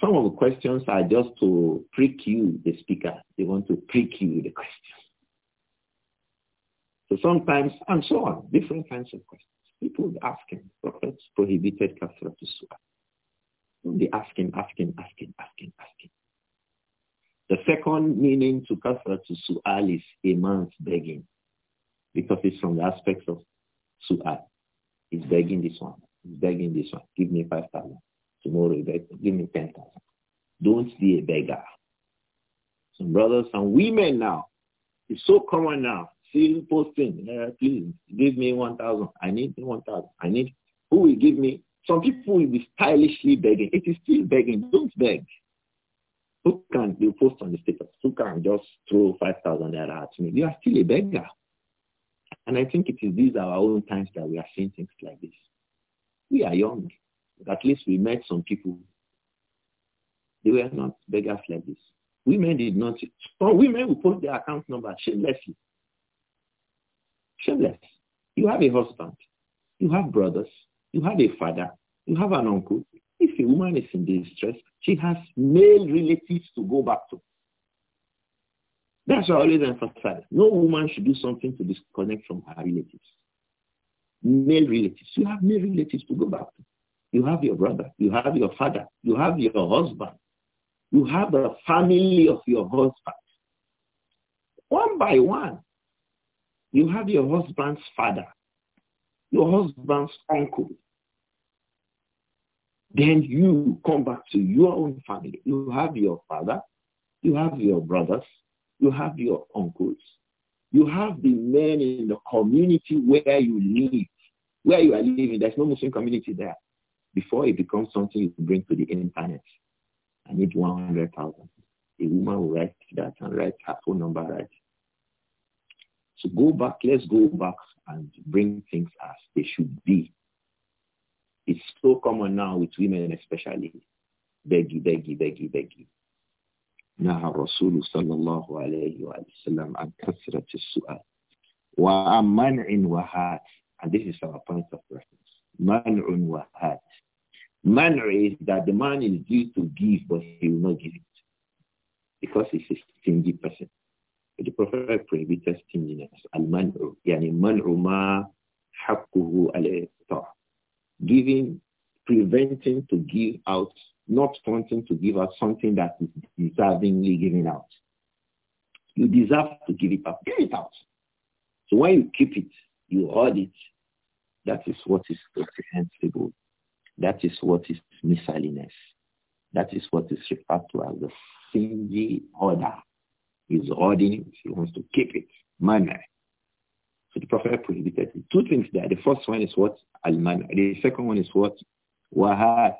Some of the questions are just to prick you, the speaker. They want to prick you with the questions. So sometimes, and so on, different kinds of questions. People will be asking, prophets prohibited kafra to su'al. They'll be asking, asking, asking, asking, asking. The second meaning to kasratu su'al is a man's begging because it's from the aspects of su'al. He's begging this one. He's begging this one. Give me 5,000. Tomorrow, give me 10,000. Don't be a beggar. Some brothers and women now. It's so common now. Still posting, please give me 1,000. I need 1,000. I need, who will give me? Some people will be stylishly begging. It is still begging. Don't beg. Who can you post on the status? Who can just throw 5,000 naira at me? You are still a beggar. And I think it is these our own times that we are seeing things like this. We are young. At least we met some people. They were not beggars like this. Women did not. Some women will post their account number shamelessly. Shameless. You have a husband. You have brothers. You have a father. You have an uncle. If a woman is in distress, she has male relatives to go back to. That's why I always emphasize. No woman should do something to disconnect from her relatives. Male relatives. You have male relatives to go back to. You have your brother. You have your father. You have your husband. You have the family of your husband. One by one, you have your husband's father, your husband's uncle, then you come back to your own family. You have your father, you have your brothers, you have your uncles, you have the men in the community where you live, where you are living. There's no Muslim community there. Before it becomes something you bring to the internet, I need 100,000. A woman will write that and write her phone number right. So go back, let's go back and bring things as they should be. It's so common now with women especially. Beggy, beggy, beggy, beggy. نهى الرسول صلى الله عليه وسلم عن كثرة السؤال وعن منع وهات and this is our point of reference منع وهات منع is that the man is due to give but he will not give it because he's a stingy person the prophet prohibited stinginess al-man'u يعني منع ما حقه al-i'ta giving, preventing to give out, not wanting to give out something that is deservingly given out. You deserve to give it out. Give it out. So when you keep it, you hold it. That is what is reprehensible. That is what is miscellaneous. That is what is referred to as the stingy order. He's holding. it. He wants to keep it. Money. So the Prophet prohibited it. Two things there. The first one is what? alman, The second one is what? Wahat.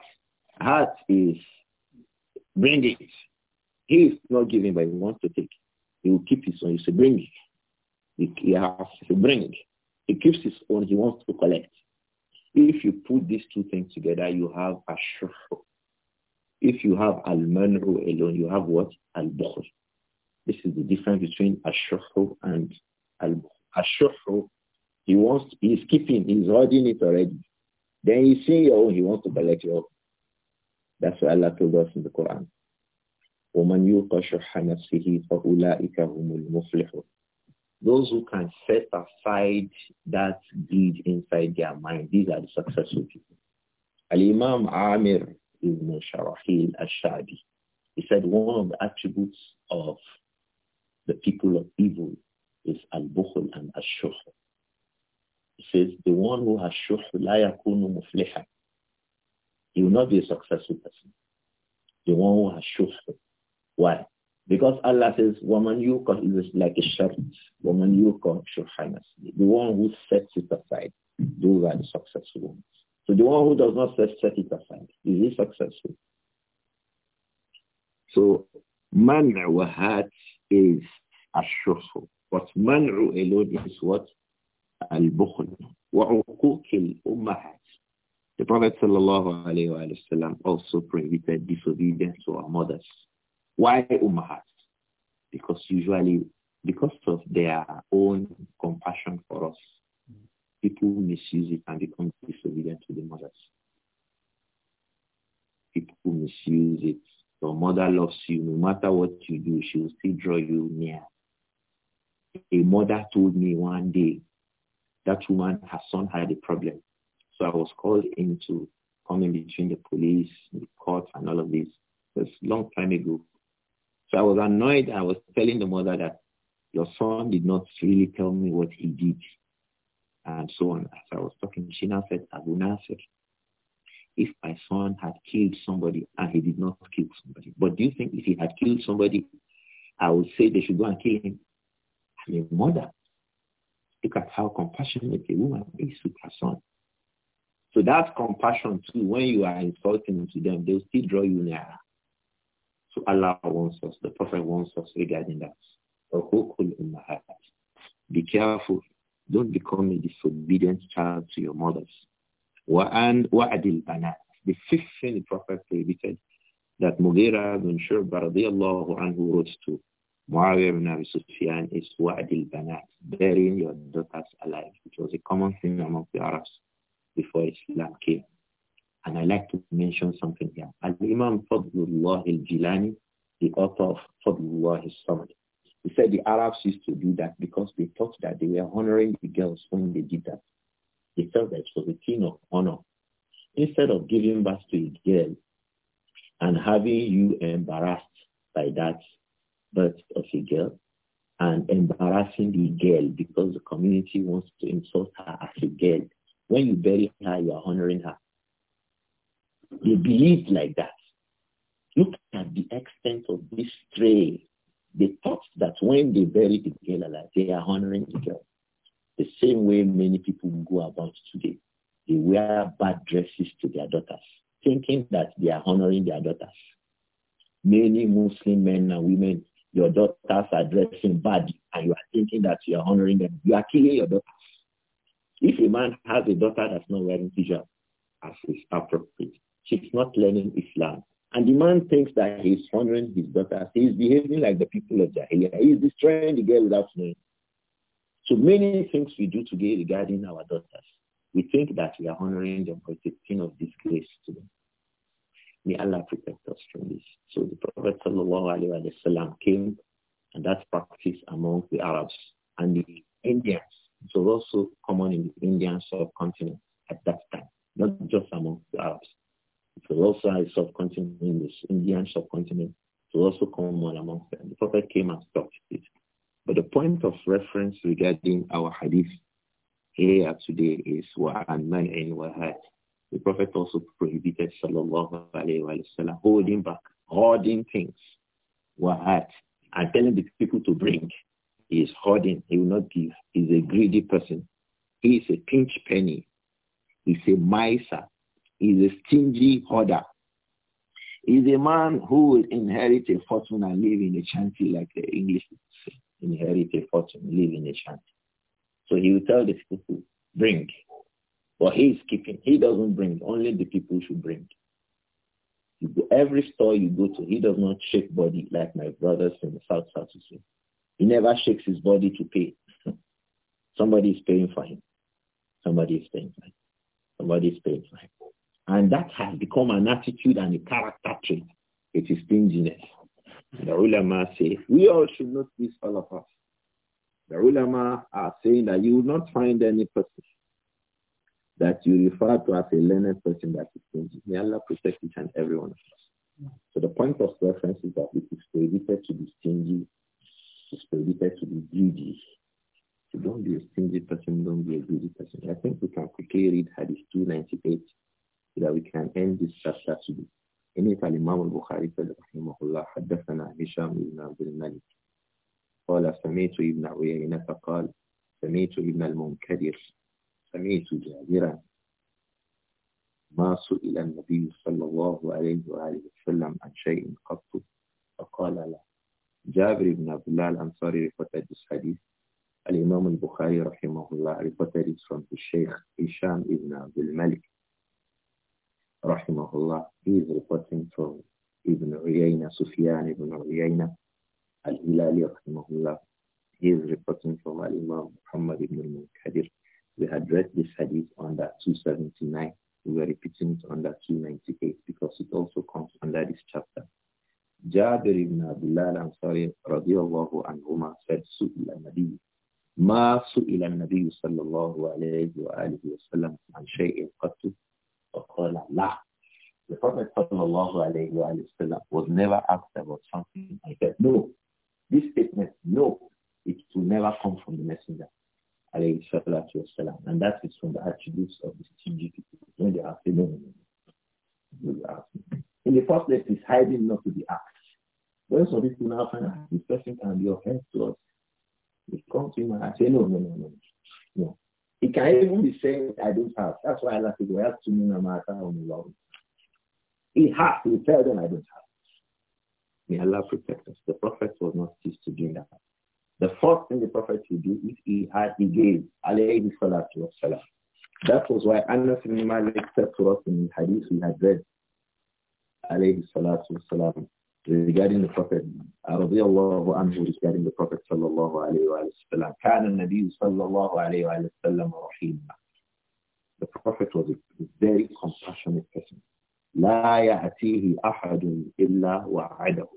Hat is bring it. He is not giving, but he wants to take. He will keep his own. He says, bring it. He, he has to bring. He keeps his own. He wants to collect. If you put these two things together, you have a shufu. If you have al alone, you have what? al This is the difference between a shufu and al Ashuhu, he wants, he's keeping, he's holding it already. Then he see your own, he wants to collect your That's what Allah told us in the Quran. وَمَنْ يُوقَ شُحَّ نَفْسِهِ فَأُولَٰئِكَ هُمُ الْمُفْلِحُونَ Those who can set aside that greed inside their mind, these are the successful people. Al-Imam Amir ibn Sharahil al-Shadi, he said one of the attributes of the people of evil is al-bukhul and ash shuhu. He says, the one who has shuhu la yakunu mufliha. He will not be a successful person. The one who has shuhu. Why? Because Allah says, woman yuqa is like a shirt. Woman yuqa shuhanas. The one who sets it aside, those are the successful ones. So the one who does not set, set it aside, is he successful? So man wahat is shuhu. But man'u alone is what? Al-bukhl. وَعُقُوكِ الْأُمَّهَاتِ The Prophet sallallahu alayhi wa sallam also prohibited disobedience to our mothers. Why Ummahat? Because usually, because of their own compassion for us, people misuse it and become disobedient to the mothers. People misuse it. Your mother loves you. No matter what you do, she will still draw you near a mother told me one day that woman, her son had a problem. So I was called in to come in between the police, the court, and all of this. It was a long time ago. So I was annoyed. I was telling the mother that your son did not really tell me what he did and so on. As I was talking, she now said, Abu if my son had killed somebody and he did not kill somebody, but do you think if he had killed somebody, I would say they should go and kill him? your mother. Look at how compassionate a woman is with her son. So that compassion too, when you are insulting to them, they still draw you near. So Allah wants us, the Prophet wants us regarding that. Be careful. Don't become a disobedient child to your mothers. And wa'adil banat. The fifth thing the Prophet prohibited that Mughira bin Shurba radiallahu anhu wrote to Muawiyah ibn Abi Sufyan is Wa'dil Banat, burying your daughters alive, which was a common thing among the Arabs before Islam came. And I like to mention something here. Al-Imam Fadlullah al-Jilani, the author of Fadlullah al-Samad, he said the Arabs used to do that because they thought that they were honoring the girls when they did that. They felt that it was a thing of honor. Instead of giving birth to a girl and having you embarrassed by that, birth of a girl and embarrassing the girl because the community wants to insult her as a girl. When you bury her, you are honoring her. They believe like that. Look at the extent of this stray. They thought that when they bury the girl alive, they are honoring the girl. The same way many people go about today. They wear bad dresses to their daughters, thinking that they are honoring their daughters. Many Muslim men and women your daughters are dressing badly and you are thinking that you are honoring them, you are killing your daughter. If a man has a daughter that's not wearing hijab as is appropriate, she's not learning Islam. And the man thinks that he's honoring his daughter. He's behaving like the people of Jahiliyyah. He's destroying the girl without knowing. So many things we do today regarding our daughters, we think that we are honoring them, but it's a thing of disgrace to them. May Allah protect us from this. So the Prophet wasallam came and that's practiced among the Arabs and the Indians. It was also common in the Indian subcontinent at that time, not just among the Arabs. It was also a subcontinent in the Indian subcontinent. It was also common among them. The Prophet came and stopped it. But the point of reference regarding our hadith here today is وَعَنْ مَنْعٍ وَهَاتٍ the Prophet also prohibited, sallallahu alayhi wa sallam, holding back, hoarding things, what, and telling the people to bring. He is hoarding. He will not give. He is a greedy person. He is a pinch penny. He is a miser. He is a stingy hoarder. He is a man who will inherit a fortune and live in a shanty like the English say. Inherit a fortune, live in a shanty. So he will tell the people, to bring. But he is keeping. He doesn't bring. Only the people should bring. You go, every store you go to, he does not shake body like my brothers in the South South say. He never shakes his body to pay. Somebody is paying for him. Somebody is paying for him. Somebody is paying for him. And that has become an attitude and a character trait. It is stinginess. The ulama say, we all should not be all of us. The ulama are saying that you will not find any person that you refer to as a learned person that is changing. May Allah protect each and every one of us. So the point of reference is that it is prohibited to be stingy, it is prohibited to be greedy. So don't be a stingy person, don't be a greedy person. I think we can quickly read Hadith 298 so that we can end this chapter today. إن الإمام البخاري رحمه الله حدثنا هشام بن عبد الملك قال سمعت ابن عيينة قال سمعت ابن المنكدر سمعت جابرا ما سئل النبي صلى الله عليه وآله وسلم عن شيء قط فقال لا جابر بن عبد الله الأنصاري رفتاج الحديث الإمام البخاري رحمه الله رفتاج صنف الشيخ إشام بن عبد الملك رحمه الله is reporting from Ibn Uyayna, Sufyan Ibn Uyayna, Al-Hilali, رحمه الله. He is reporting from Al-Imam Muhammad Ibn Al-Munkadir, We addressed this hadith under 279. We are repeating it under 298 because it also comes under this chapter. Jabir ibn Abdullah al-Ansari radiyallahu anhuma said, Su'ila nabi. Ma su'ila nabi sallallahu alayhi wa alihi wa sallam an shay'in qattu. Faqala la. The Prophet sallallahu alayhi wa sallam was never asked about something. He said, no. This statement, no, it will never come from the messenger alayhi salatu wasalam. And that is from the attributes of the stingy people when they are feeling in the first place, it's hiding not to be asked. When some people now find out this person can be of help to us, they come to him and I say, no, no, no, no. no. He can even be saying, I don't have. That's why I like to go well, to me, no matter how many love. He has to tell them, I don't have. May Allah protect us. The Prophet was not used to doing that. The first thing the Prophet would do is he had he gave alayhi salatu wasalam. That was why Anas ibn Malik said to us in the hadith we had read alayhi salatu wasalam regarding the Prophet radiallahu anhu regarding the Prophet sallallahu alayhi wa sallam. كان النبي صلى الله رحيما. The Prophet was a very compassionate person. لا يأتيه أحد إلا وعده.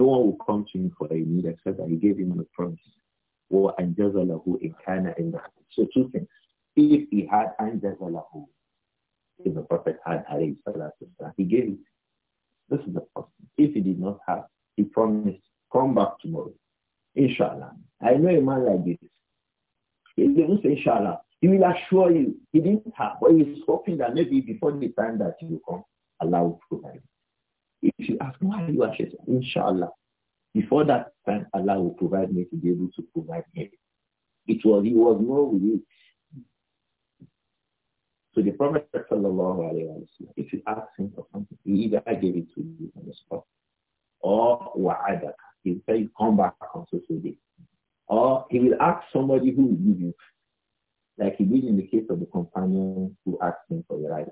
No one will come to him for a need except that he gave him the promise. Or anjazalahu ikana in So two things. If he had anjazalahu, if the Prophet had alayhi salatu he gave it. This is the first If he did not have, he promised, come back tomorrow. Inshallah. I know a man like this. He didn't say inshallah. He will assure you. He didn't have, but he is hoping that maybe before the time that you come, Allah will provide. If you ask, why are you anxious? Inshallah. Before that time, Allah will provide me to be able to provide him. It was, he was more with you. So the Prophet sallallahu alayhi wa sallam, if you ask him for something, he either gave it to you on the spot, or wa'adaka, he'll tell you, come back on social day. Or he will ask somebody who will give you, like he did in the case of the companion who asked him for the right.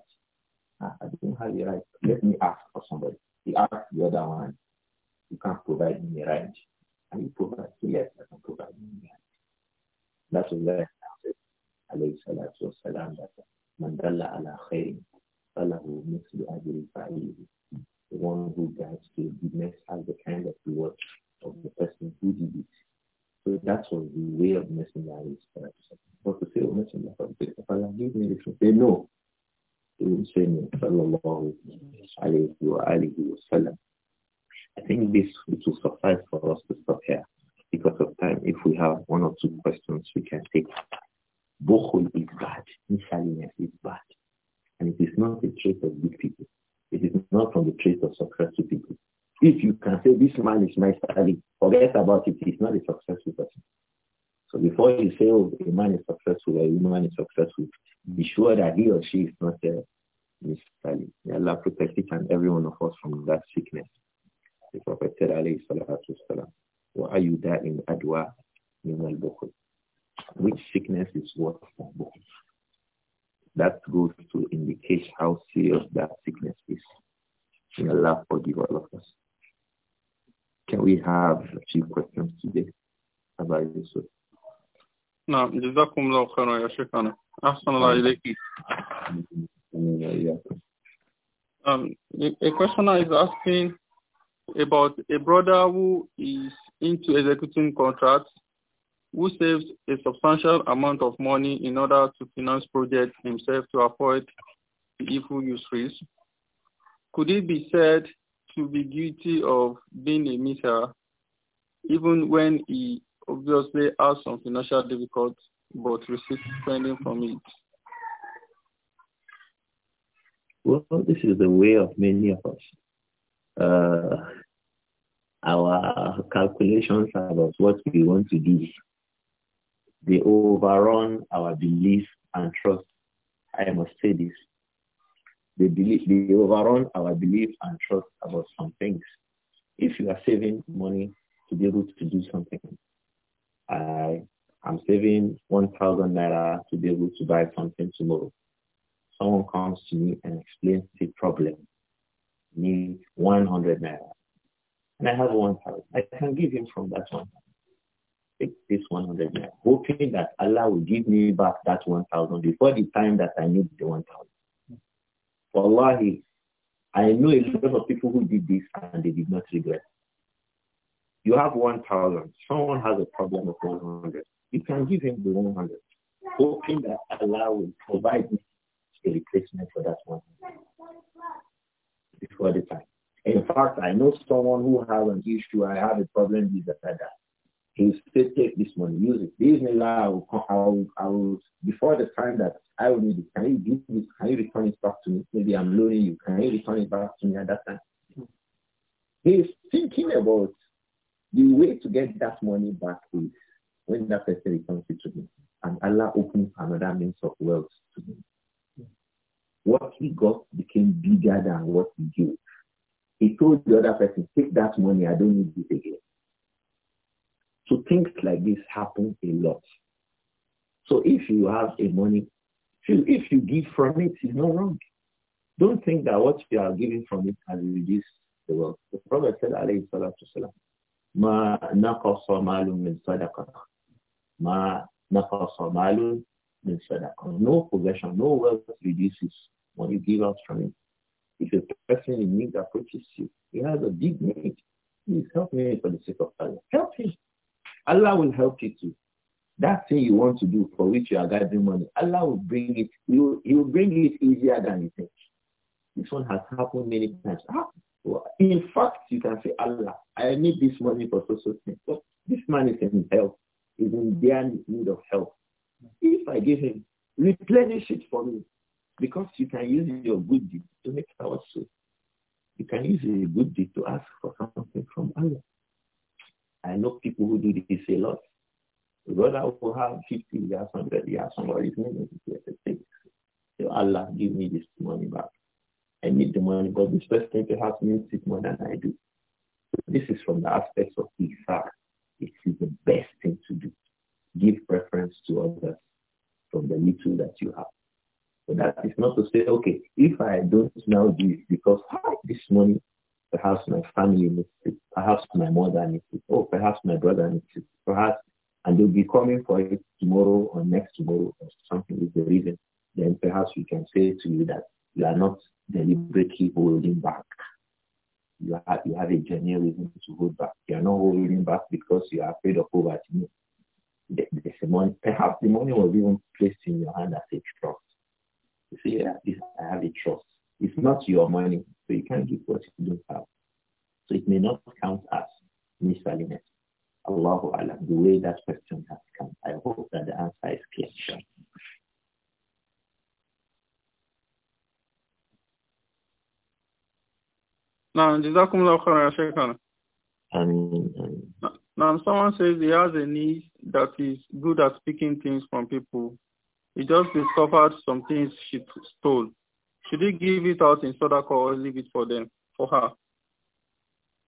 Ah, I don't have the right, let me ask for somebody. He asked the other one, you can't provide me a ride. And you provide, yes, I can provide me a ride. That's what Allah alayhi salatu wasalam, that man dalla ala khairin, falahu mislu ajri fa'ilihi. The one who guides to goodness has the kind of reward of the person who did it. So that was the way of Messenger. But to say, oh, Messenger, Allah, give me this. They know. Hussein sallallahu alayhi wa alihi I think this it will suffice for us to stop here because of time. If we have one or two questions, we can take. Bochol is bad. insaliness is bad. And it is not a trait of good people. It is not from the trait of successful people. If you can say, this man is my salary, forget about it. He's not a successful person. So before you say, oh, a man is successful or a woman is successful, be sure that he or she is not there. misguided. May Allah protect each and every one of us from that sickness. The Prophet said, alayhi salatu wasalam, وَأَيُّ in adwa min al Which sickness is worse than bukhul? That goes to indicate how serious that sickness is. May Allah forgive all of us. Can we have a few questions today about this? نعم جزاكم الله خيرا يا شيخنا أحسن الله إليك um, a questioner is asking about a brother who is into executing contracts who saves a substantial amount of money in order to finance projects himself to avoid the evil usuries. Could it be said to be guilty of being a miser even when he obviously has some financial difficulties but receives spending from it. Well, this is the way of many of us. Uh, our calculations about what we want to do, they overrun our belief and trust. I must say this. They, believe, they overrun our belief and trust about some things. If you are saving money to be able to do something, I am saving 1,000 naira to be able to buy something tomorrow. Someone comes to me and explains the problem. Need 100 naira. And I have 1,000. I can give him from that one. Take this 100 naira, hoping that Allah will give me back that 1,000 before the time that I need the 1,000. Wallahi, I know a lot of people who did this and they did not regret you have 1,000. Someone has a problem of 100. You can give him the 100, hoping that Allah will provide a replacement for that 100 before the time. In fact, I know someone who has an issue. I have a problem with that. he still take this money, use it. This I will, I will, I will, before the time that I will need it, can you give this? Can you return it back to me? Maybe I'm loaning you. Can you return it back to me at that time? He's thinking about the way to get that money back is when that person returns it to me And Allah opens another means of wealth to him. What he got became bigger than what he gave. He told the other person, take that money, I don't need it again. So things like this happen a lot. So if you have a money, if you give from it, it's not wrong. Don't think that what you are giving from it has reduced the wealth. The Prophet said, alayhi salatu salam, ما نقص مال من صدقة ما نقص مال من صدقة no possession no wealth reduces when you give out from it if a person in need approaches you he has a big need please help me for the sake of Allah help him Allah will help you too that thing you want to do for which you are gathering money, Allah will bring it, he will, he will bring it easier than you think. This one has happened many times. Ah, in fact, you can say, Allah, I need this money for so, so things. But this man is in help. He's in dire need of help. If I give him, replenish it for me. Because you can use your good deed to make our soul. You can use a good deed to ask for something from Allah. I know people who do this a lot. The I will have 50 years, 100 years, somebody's name is here. Allah, give me this money back. I need the money, but this person perhaps needs it more than I do. this is from the aspects of Isar. It is the best thing to do. Give preference to others from the little that you have. But that is not to say, okay, if I don't now do it because this money, perhaps my family needs it, perhaps my mother needs it, or oh, perhaps my brother needs it, perhaps, and they'll be coming for it tomorrow or next tomorrow or something is the reason, then perhaps we can say to you that you are not deliberately holding back. You have, you have a genuine reason to hold back. You are not holding back because you are afraid of poverty. The, the money, perhaps the money was even placed in your hand as a trust. You say, yeah, I have a trust. It's not your money, so you can't give what you don't have. So it may not count as miscellaneous. Allahu Alam, the way that question has come. I hope that the answer is clear. Now, khairan, Now, someone says he has a niece that is good at picking things from people. He just discovered some things she stole. Should he give it out in Sodaka or leave it for them, for her?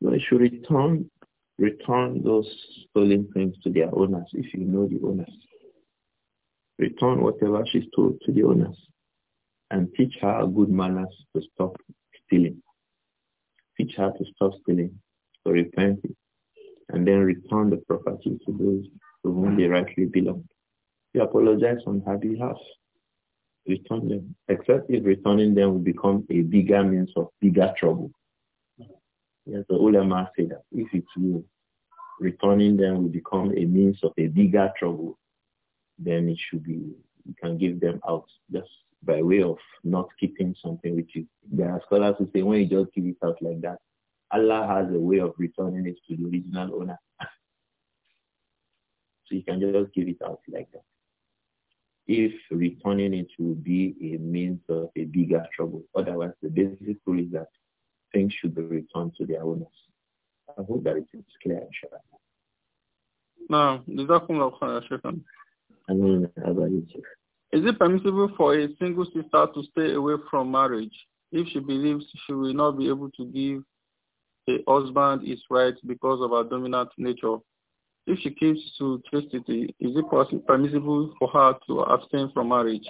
No, he should return, return those stolen things to their owners if you know the owners. Return whatever she stole to the owners and teach her good manners to stop stealing teach her to stop stealing, to repent it, and then return the property to those to whom they rightly belong. We apologize on her behalf. Return them, except if returning them will become a bigger means of bigger trouble. Yes, the ulama say that if it's you, returning them will become a means of a bigger trouble, then it should be, you can give them out. Just by way of not keeping something which is, there are scholars who say when you just give it out like that, Allah has a way of returning it to the original owner. so you can just give it out like that. If returning it will be a means of a bigger trouble. Otherwise, the basic rule is that things should be returned to their owners. I hope that it is clear, inshallah. نعم جزاكم الله خيرا شكرا. أمين is it permissible for a single sister to stay away from marriage if she believes she will not be able to give a husband his rights because of her dominant nature? If she keeps to chastity, is it permissible for her to abstain from marriage?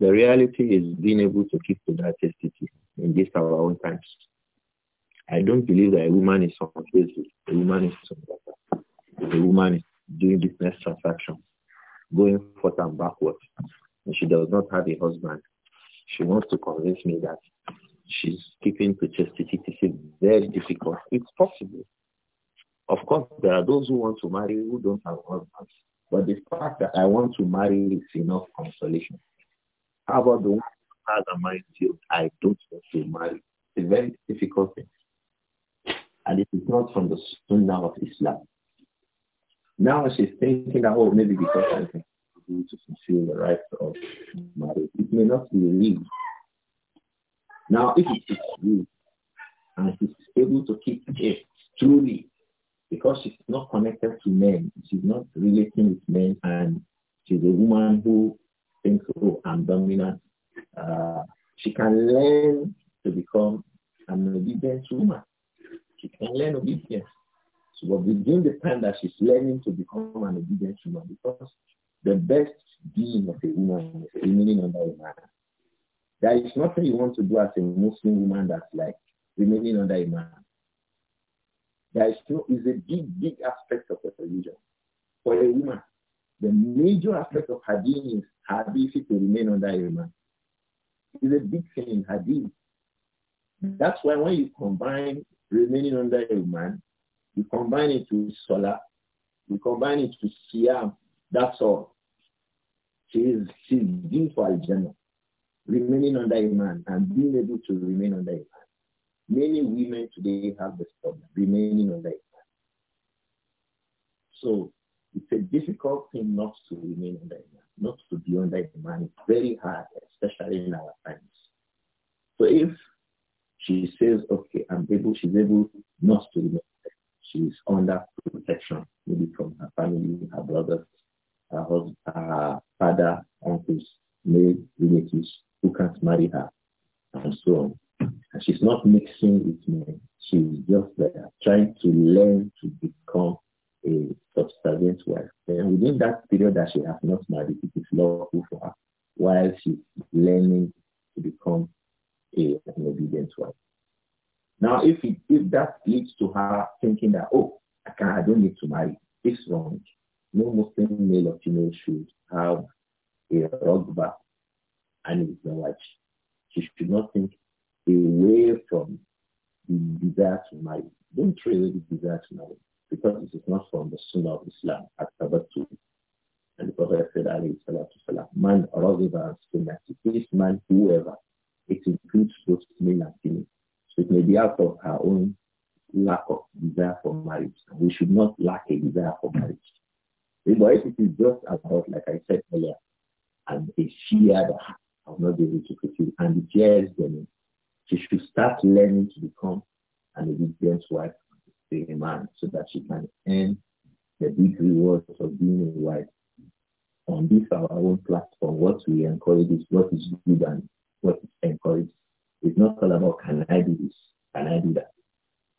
The reality is being able to keep to that chastity in these our own times. I don't believe that a woman is on a woman is on a woman is doing business transactions going forth and backwards. And she does not have a husband. She wants to convince me that she's keeping to chastity. It is very difficult. It's possible. Of course, there are those who want to marry who don't have husbands. But the fact that I want to marry is enough consolation. How about the one who has a mindfield? I don't want to marry. It's a very difficult thing. And it is not from the sunnah of Islam. Now she's thinking that, oh, maybe because I can do to fulfill the rights of marriage. It may not be legal. Now, if it is legal and she's able to keep it truly, because she's not connected to men, she's not relating with men, and she's a woman who thinks, oh, I'm dominant, uh, she can learn to become an obedient woman. She can learn obedience but within the time that she's learning to become an obedient woman, because the best being of a woman is remaining under a man. There is nothing you want to do as a Muslim woman that's like remaining under a man. There is no, is a big, big aspect of the religion for a woman. The major aspect of her being is her ability to remain under a man. It's a big thing in her being. That's why when you combine remaining under a man you combine it with solar. You combine it with Siyam. That's all. She is, she is due for Al-Jannah. Remaining under a man and being able to remain under a man. Many women today have this problem, remaining under a man. So it's a difficult thing not to remain under a man, not to be under a man. It's very hard, especially in our times. So if she says, okay, I'm able, she's able not to remain she is under protection, maybe from her family, her brothers, her husband, her father, uncles, male relatives who can't marry her, and so on. And she's not mixing with men. She's just there trying to learn to become a subservient wife. And within that period that she has not married, it is lawful for her while she's learning to become a, an obedient wife. Now, if, it, if that leads to her thinking that, oh, I, can, I don't need to marry, it's wrong. No Muslim male or female should have a rugba and his knowledge. She should not think away from the desire to marry. Don't trade really the desire to marry because it is not from the Sunnah of Islam at Tabattu. And the Prophet said, alayhi salatu salam, man raghiba sunnati. This man, whoever, it includes both men and female. It may be out of her own lack of desire for marriage. We should not lack a desire for marriage. But if it is just about, like I said earlier, and a fear I will not be able to fulfill, and the fear is burning, she should start learning to become an obedient wife to a man so that she can earn the big rewards of being a wife. On this, our own platform, what we encourage is what is good and what is encouraged it's not all about can I do this, can I do that.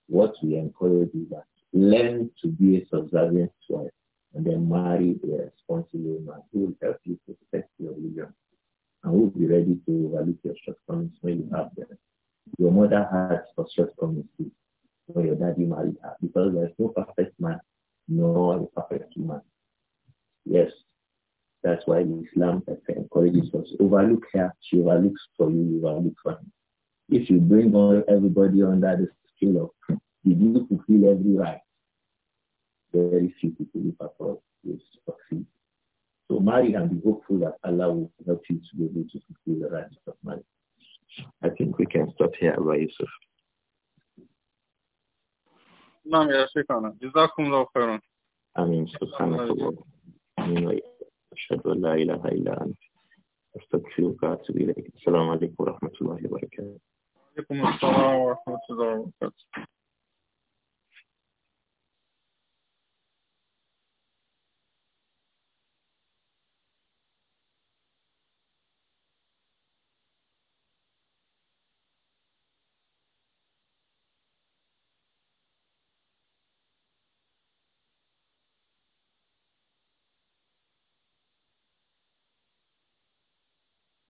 What we encourage is that learn to be a subservient wife and then marry a responsible man who will help you to protect your religion and who will be ready to overlook your shortcomings when you have them. Your mother has for shortcomings too when your daddy married her because there's no perfect man nor a perfect woman. Yes, that's why Islam encourages us overlook her, she overlooks for you, you overlook for him. If you bring all everybody under the scale of, did you fulfill every right? Very few people, will at all, will succeed. So marry and be hopeful that Allah will help you to be able to fulfill the rights of marriage. I think we can stop here, Abba Yusuf. نعم يا شيخنا جزاكم الله خيرا آمين سبحانك اللهم آمين أشهد أن لا إله إلا أنت أستغفرك وأتوب إليك السلام عليكم ورحمة الله وبركاته عليكم السلام ورحمة الله وبركاته